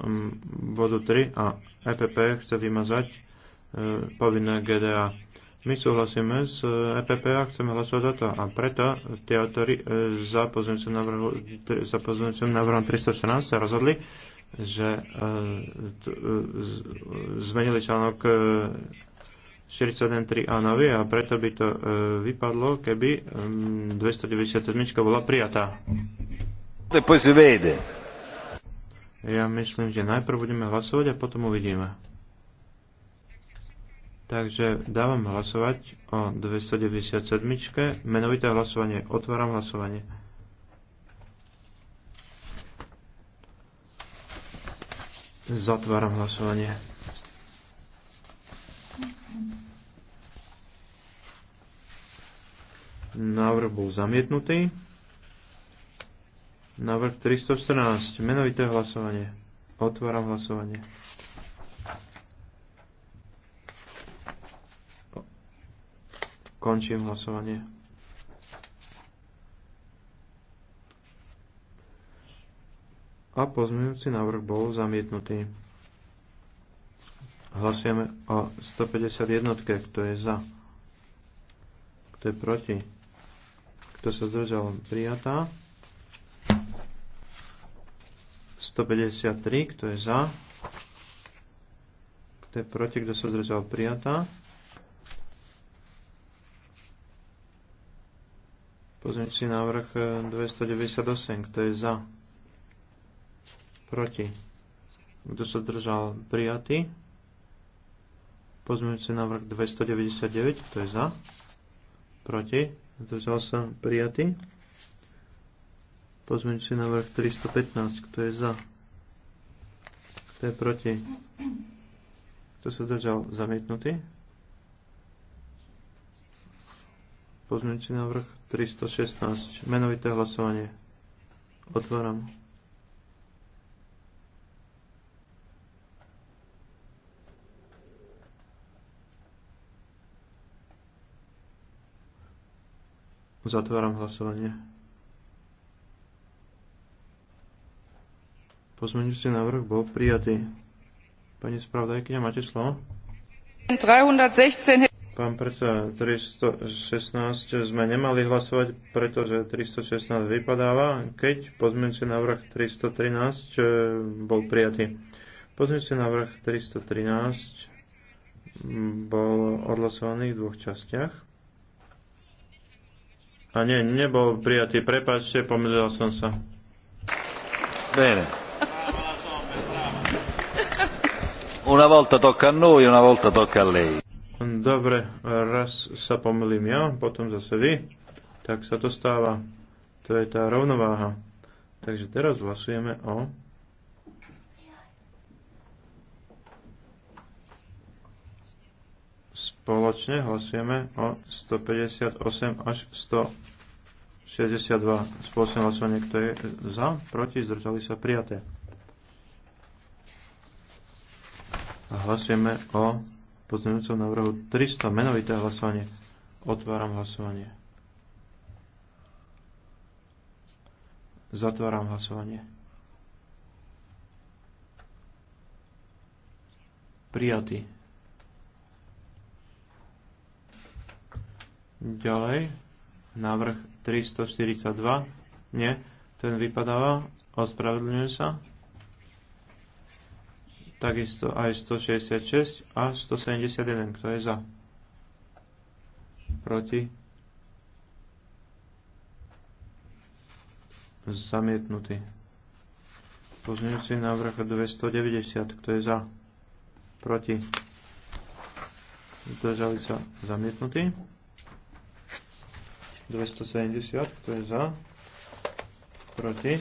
um, bodu 3 a EPP chce vymazať e, povinné GDA. My súhlasíme s uh, EPP a chceme hlasovať za to. A preto tie autory e, za pozornicom návrhu 314 sa rozhodli, že e, e, zmenili článok 41.3 e, a nový a preto by to vypadlo, keby 297 mm, bola prijatá. Ja myslím, že najprv budeme hlasovať a potom uvidíme. Takže dávam hlasovať o 297. Menovité hlasovanie. Otváram hlasovanie. Zatváram hlasovanie. Návrh bol zamietnutý. Návrh 314. Menovité hlasovanie. Otváram hlasovanie. Končím hlasovanie. a pozmeňujúci návrh bol zamietnutý. Hlasujeme o 151, kto je za, kto je proti, kto sa zdržal, prijatá. 153, kto je za, kto je proti, kto sa zdržal, prijatá. Pozmeňujúci návrh 298, kto je za, proti, kto sa držal prijatý. Pozmeňujúci návrh 299, kto je za, proti, zdržal sa, prijatý. Pozmeňujúci návrh 315, kto je za, kto je proti, kto sa zdržal, zamietnutý. Pozmeňujúci návrh 316, menovité hlasovanie. Otváram. Uzatváram hlasovanie. Pozmeňujúci návrh bol prijatý. Pani spravodajkyňa, máte slovo? 316... Pán predseda, 316 sme nemali hlasovať, pretože 316 vypadáva, keď pozmeňujúci návrh 313 eh, bol prijatý. Pozmeňujúci návrh 313 mm, bol odhlasovaný v dvoch častiach. A nie, nebol prijatý. Prepačte, pomýlil som sa. Bene. Una volta tocca a noi, una volta tocca a lei. Dobre, raz sa pomýlim ja, potom zase vy. Tak sa to stáva. To je tá rovnováha. Takže teraz hlasujeme o Spoločne hlasujeme o 158 až 162. Spoločne hlasovanie, kto je za, proti, zdržali sa prijaté. A hlasujeme o pozmeňujúcom návrhu 300, menovité hlasovanie. Otváram hlasovanie. Zatváram hlasovanie. Prijatý. Ďalej, návrh 342. Nie, ten vypadáva. Ospravedlňujem sa. Takisto aj 166 a 171. Kto je za? Proti? Zamietnutý. Pozňujúci návrh 290. Kto je za? Proti? Zdržali sa zamietnutí. 270, kto je za, proti,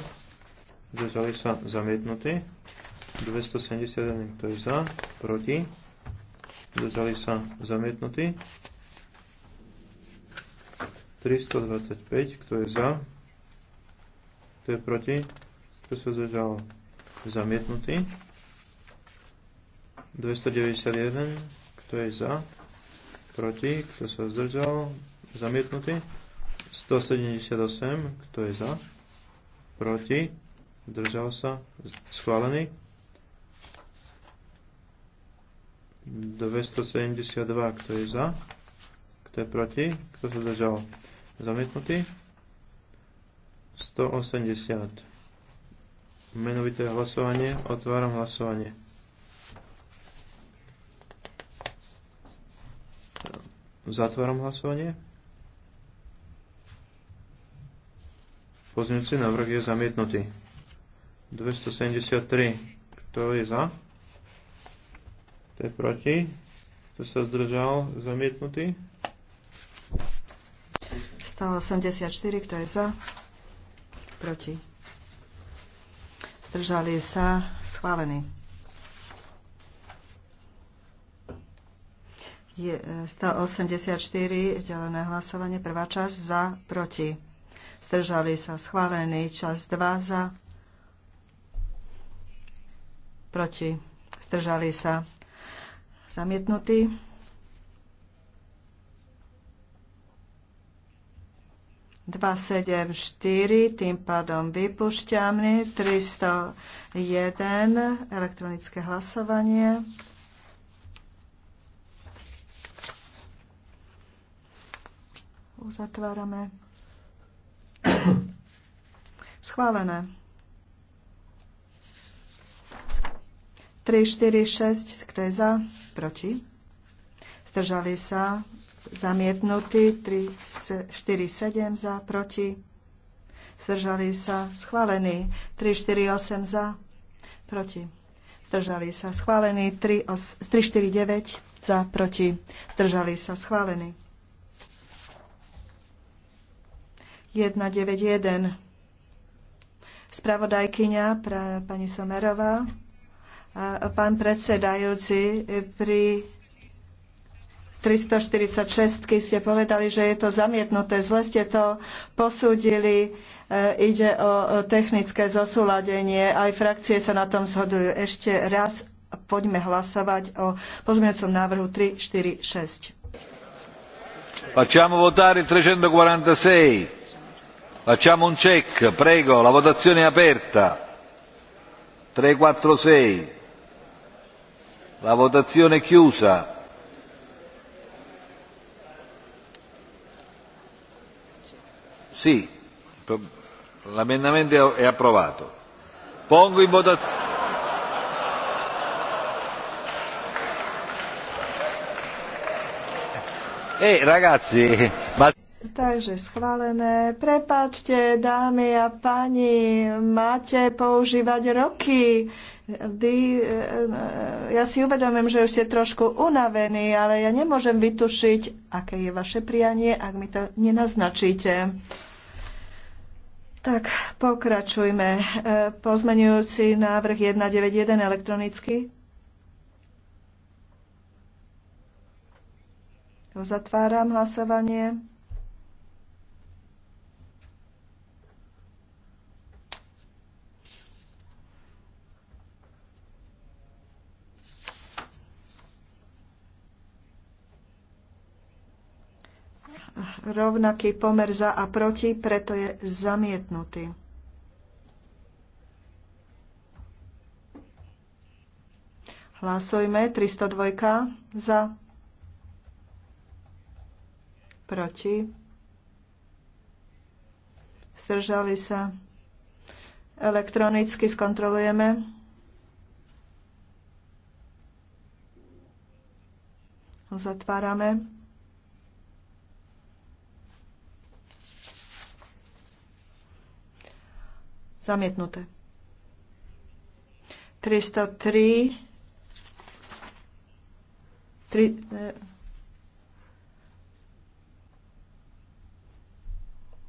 zdržali sa zamietnutí, 271, kto je za, proti, zdržali sa zamietnutí, 325, kto je za, kto je proti, kto sa zdržal zamietnutý, 291, kto je za, proti, kto sa zdržal, zamietnutý. 178, kto je za? Proti? Zdržal sa? Schválený? 272, kto je za? Kto je proti? Kto sa zdržal? Zamietnutý? 180. Menovité hlasovanie. Otváram hlasovanie. Zatváram hlasovanie. Pozňujúci návrh je zamietnutý. 273. Kto je za? Kto je proti? Kto sa zdržal? Zamietnutý. 184. Kto je za? Proti. Zdržali sa. Schválený. Je 184. E, Delené hlasovanie. Prvá časť. Za. Proti zdržali sa schválený, čas 2 za, proti, zdržali sa zamietnutý. Dva, sedem, štyri, tým pádom vypušťaný, 301, elektronické hlasovanie. Uzatvárame. Schválené. 3, 4, 6, kto je za? Proti. Zdržali sa. Zamietnutí. 3, 4, 7 za. Proti. Zdržali sa. Schválený. 3, 4, 8 za. Proti. Zdržali sa. Schválený. 3, 8, 3 4, 9 za, proti, zdržali sa, schválený. 1 spravodajkyňa, pani Somerová. A pán predsedajúci, pri 346 ste povedali, že je to zamietnuté. Zle ste to posúdili. E, ide o technické zosúladenie. Aj frakcie sa na tom zhodujú. Ešte raz poďme hlasovať o pozmeňujúcom návrhu 346. Facciamo votare 346. Facciamo un check, prego, la votazione è aperta. 346. La votazione è chiusa. Sì, l'emendamento è approvato. Pongo in votazione. Eh ragazzi, ma... Takže schválené. Prepačte, dámy a pani, máte používať roky. Eh, ja si uvedomím, že už ste trošku unavení, ale ja nemôžem vytušiť, aké je vaše prianie, ak mi to nenaznačíte. Tak, pokračujme. Eh, pozmenujúci návrh 191 elektronicky. Uzatváram hlasovanie. rovnaký pomer za a proti, preto je zamietnutý. Hlasujme 302 za, proti, zdržali sa. Elektronicky skontrolujeme. Zatvárame. Zamietnuté. 303 3, eh,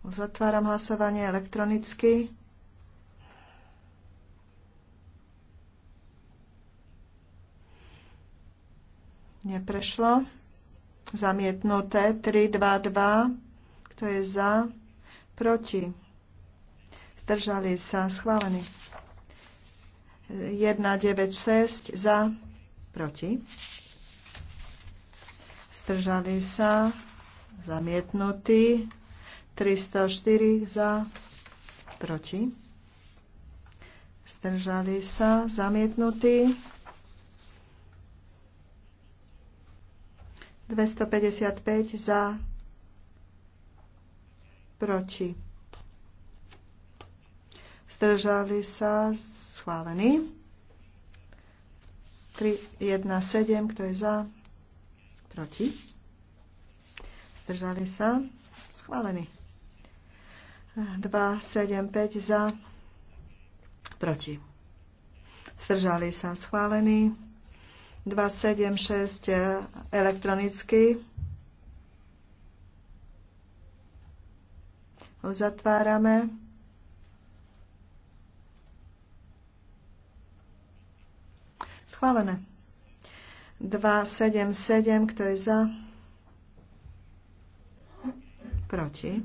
Uzatváram hlasovanie elektronicky. Neprešlo. Zamietnuté 3, 2, 2. Kto je za? Proti zdržali sa schválený. 6 za, proti. Zdržali sa zamietnutí. 304 za, proti. Zdržali sa zamietnutí. 255 za, proti zdržali sa, schválený. 3, 1, 7, kto je za, proti, zdržali sa, schválený. 2, 7, 5 za, proti. Zdržali sa, schválený. 2, 7, 6 elektronicky. Uzatvárame. Schválené. 2, 7, 7, kto je za? Proti.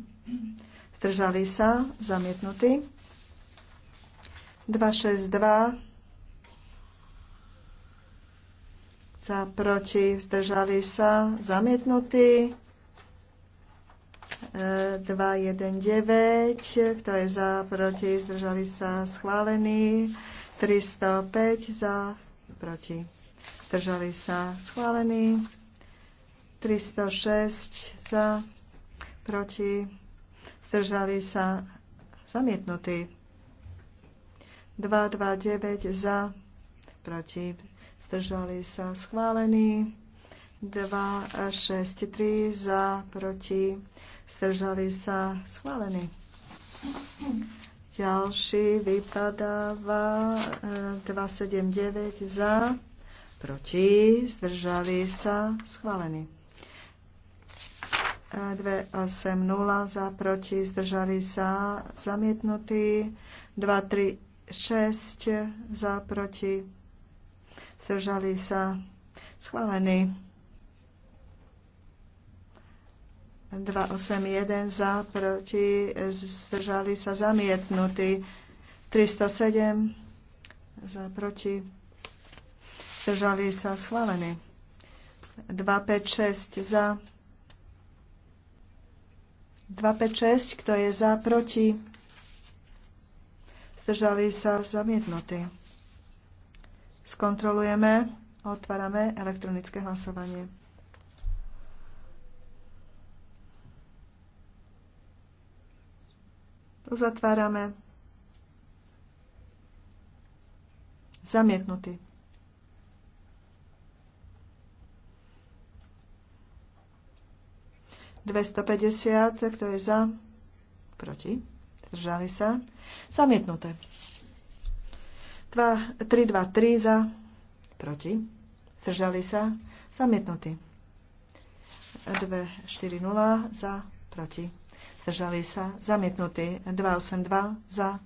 Zdržali sa, zamietnutí. 2, 6, 2. Za, proti, zdržali sa, zamietnutí. 2, 1, 9. Kto je za, proti, zdržali sa, schválený. 305 za, proti, zdržali sa schválení, 306 za, proti, zdržali sa zamietnutí, 229 za, proti, zdržali sa schválení, 263 za, proti, zdržali sa schválení. Ďalší vypadáva 279 e, za, proti, zdržali sa, schválený. 280 e, za, proti, zdržali sa, zamietnutý. 236 za, proti, zdržali sa, schválený. 281 za, proti, zdržali sa zamietnutí. 307 za, proti, zdržali sa schválení. 256 za, 256, kto je za, proti, zdržali sa zamietnutí. Skontrolujeme, otvárame elektronické hlasovanie. Uzatvárame. Zamietnutý. Dvesto päťdesiat, kto je za? Proti. Zdržali sa. Zamietnuté. 3, 2, 3 za. Proti. Zdržali sa. Zamietnutý. 2, 4, 0 za. Proti zdržali sa, zamietnutý. 282 za,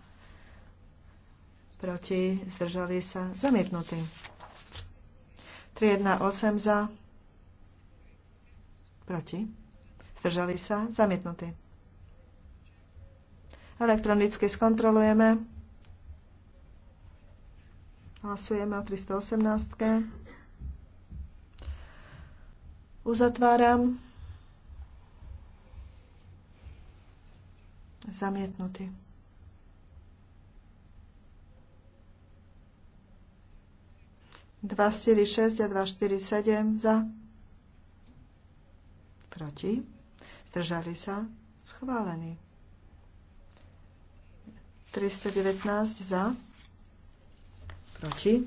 proti, zdržali sa, zamietnutý. 318 za, proti, zdržali sa, zamietnutý. Elektronicky skontrolujeme. Hlasujeme o 318. Uzatváram. Zamietnutý. Dva, štyri, šesť a dva, štyri, sedem za. Proti. Držali sa. Schválený. 319 za. Proti.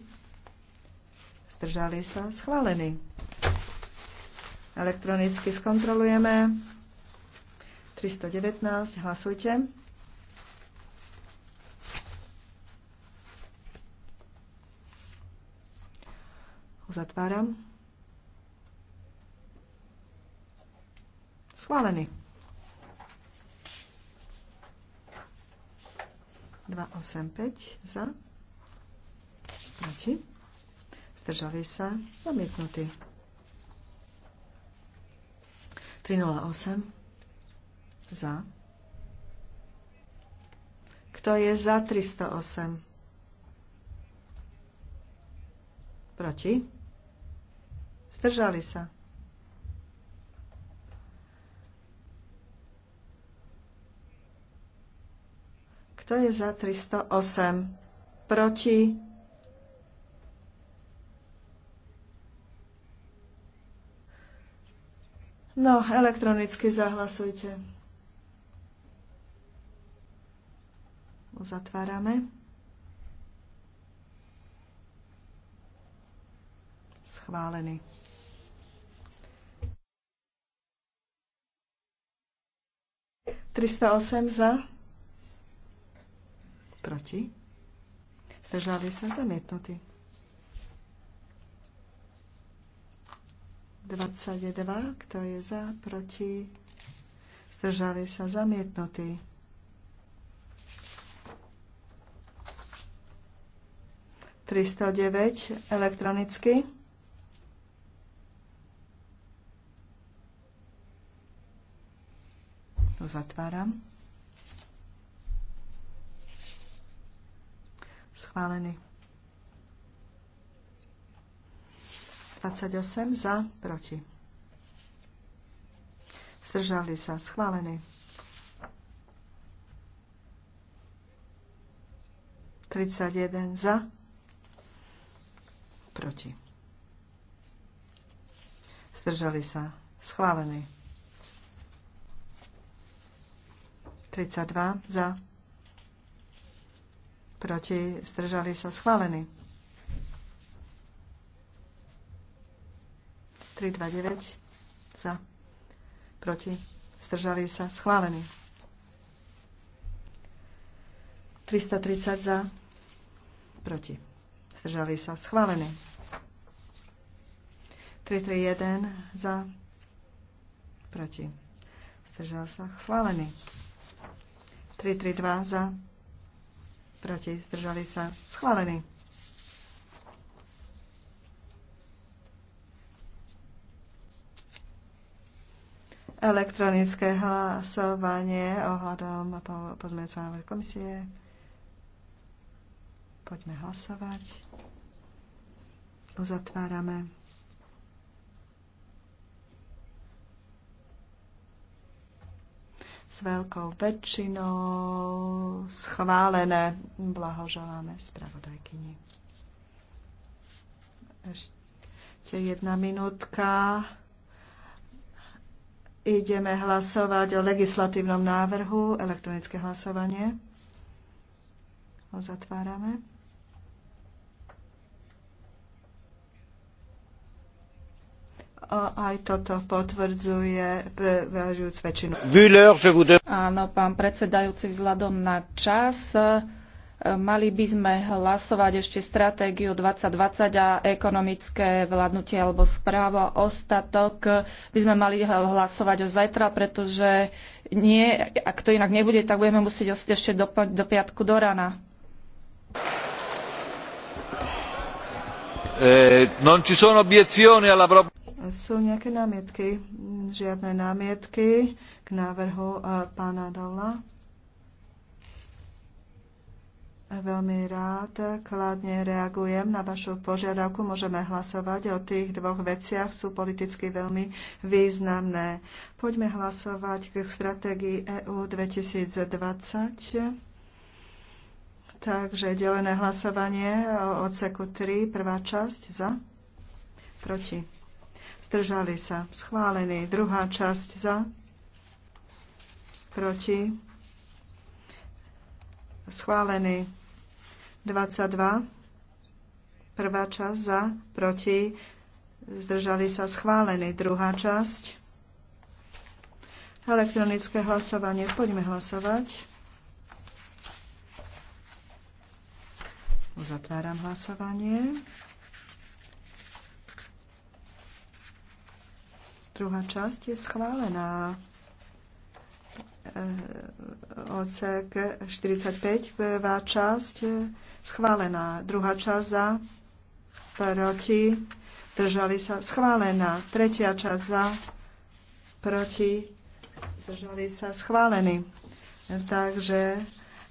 Zdržali sa. Schválený. Elektronicky skontrolujeme. 319. Hlasujte. Uzatváram. Schválený. 285 za. Proti. Zdržali sa. Zamietnutý. 308 za. Kto je za 308? Proti? Zdržali sa. Kto je za 308? Proti? No, elektronicky zahlasujte. Uzatvárame. Schválený. Trista osem za. Proti. Zdržali sa zamietnutí. 22, kto je za, proti, zdržali sa zamietnutí. 309 elektronicky. To zatváram. Schválený. 28 za, proti. Zdržali sa. Schválený. 31 za, Proti. Zdržali sa. Schválený. 32 za. Proti. Zdržali sa. Schválený. 329 za. Proti. Zdržali sa. Schválený. 330 za. Proti. Zdržali sa. Schválený. 331 za, proti. Zdržal sa. Schválený. 332 za, proti. Zdržali sa. Schválený. Elektronické hlasovanie ohľadom po, pozmeňujúceho návrhu komisie. Poďme hlasovať. Uzatvárame. s veľkou väčšinou schválené. Blahoželáme spravodajkyni. Ešte jedna minútka. Ideme hlasovať o legislatívnom návrhu, elektronické hlasovanie. Ho zatvárame. a aj toto potvrdzuje prevážujúc väčšinu. Áno, pán predsedajúci, vzhľadom na čas e, mali by sme hlasovať ešte stratégiu 2020 a ekonomické vládnutie alebo správo. Ostatok by sme mali hlasovať o zajtra, pretože nie, ak to inak nebude, tak budeme musieť osiť ešte do, do piatku do rana. Eh, non ci sono obiezioni alla proposta. Sú nejaké námietky? Žiadne námietky k návrhu eh, pána Dola? Veľmi rád kladne reagujem na vašu požiadavku. Môžeme hlasovať o tých dvoch veciach. Sú politicky veľmi významné. Poďme hlasovať k stratégii EU 2020. Takže delené hlasovanie o odseku 3, prvá časť za, proti zdržali sa, schválený. Druhá časť za, proti, schválený. 22, prvá časť za, proti, zdržali sa, schválený. Druhá časť, elektronické hlasovanie. Poďme hlasovať. Uzatváram hlasovanie. Druhá časť je schválená. E, Ocek 45, prvá časť e, schválená. Druhá časť za, proti, držali sa, schválená. Tretia časť za, proti, držali sa, schválený. E, takže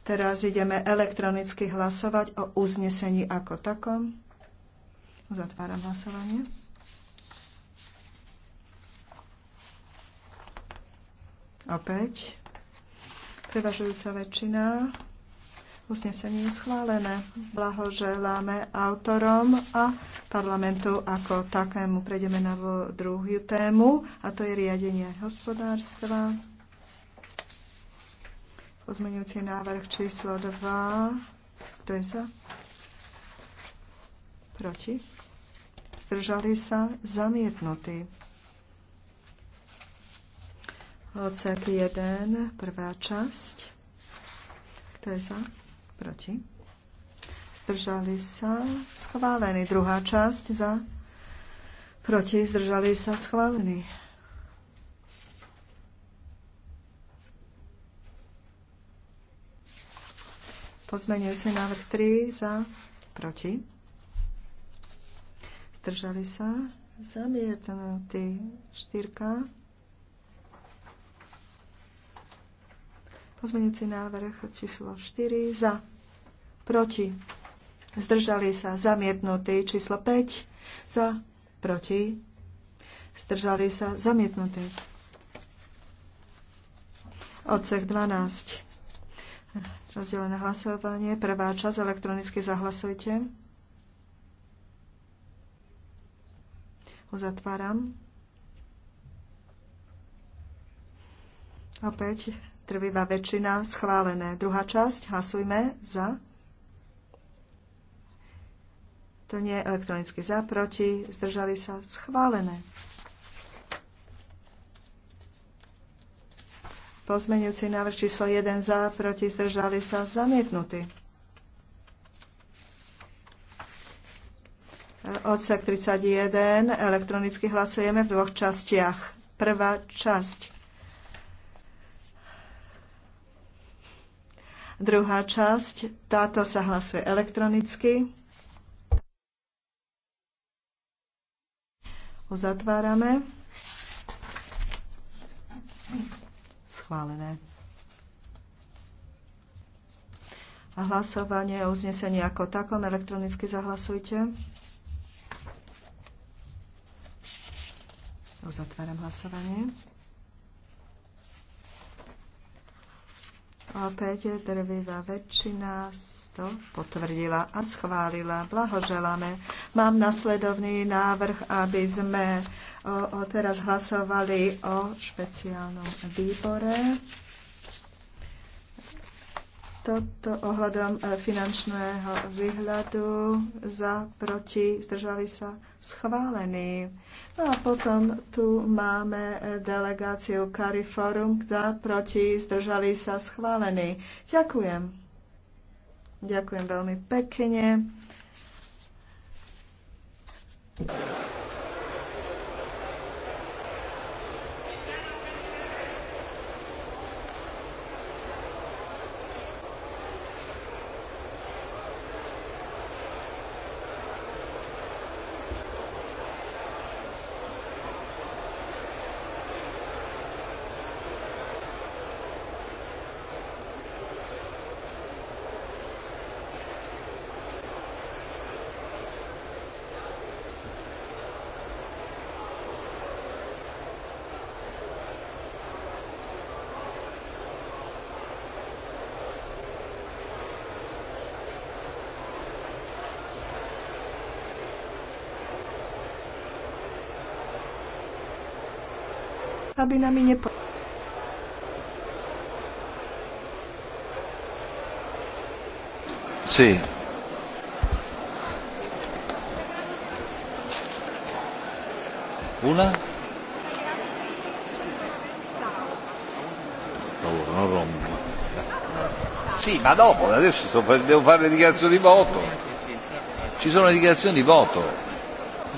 teraz ideme elektronicky hlasovať o uznesení ako takom. Zatváram hlasovanie. Opäť. Prevažujúca väčšina. Usnesenie je schválené. Blahoželáme autorom a parlamentu ako takému. Prejdeme na druhú tému a to je riadenie hospodárstva. Pozmeňujúci návrh číslo 2. Kto je za? Proti? Zdržali sa? Zamietnutí. Odsek 1, prvá časť. Kto je za? Proti. Zdržali sa. Schválený. Druhá časť za. Proti. Zdržali sa. Schválený. Pozmenujúci návrh 3 za. Proti. Zdržali sa. Zamietnutý. Štyrka Pozmeňujúci návrh číslo 4 za, proti, zdržali sa zamietnutí. Číslo 5 za, proti, zdržali sa zamietnutí. Odsek 12. Rozdelené hlasovanie. Prvá časť. Elektronicky zahlasujte. Uzatváram. Opäť trvivá väčšina schválené. Druhá časť, hlasujme za. To nie je elektronicky za, proti, zdržali sa, schválené. Pozmenujúci návrh číslo 1 za, proti, zdržali sa, zamietnutý. Odsek 31, elektronicky hlasujeme v dvoch častiach. Prvá časť Druhá časť, táto sa hlasuje elektronicky. Uzatvárame. Schválené. A hlasovanie o uznesení ako takom elektronicky zahlasujte. Uzatváram hlasovanie. Opäť drvivá väčšina to potvrdila a schválila. Blahoželáme. Mám nasledovný návrh, aby sme o, o teraz hlasovali o špeciálnom výbore. Toto ohľadom e, finančného výhľadu za, proti, zdržali sa schválený. No a potom tu máme e, delegáciu Cariforum za, proti, zdržali sa schválený. Ďakujem. Ďakujem veľmi pekne. aby nami nepo... Sí. Una. Favore, non rompo. Sì, ma dopo, adesso sto, devo fare le dichiarazioni di voto. Ci sono le dichiarazioni di voto.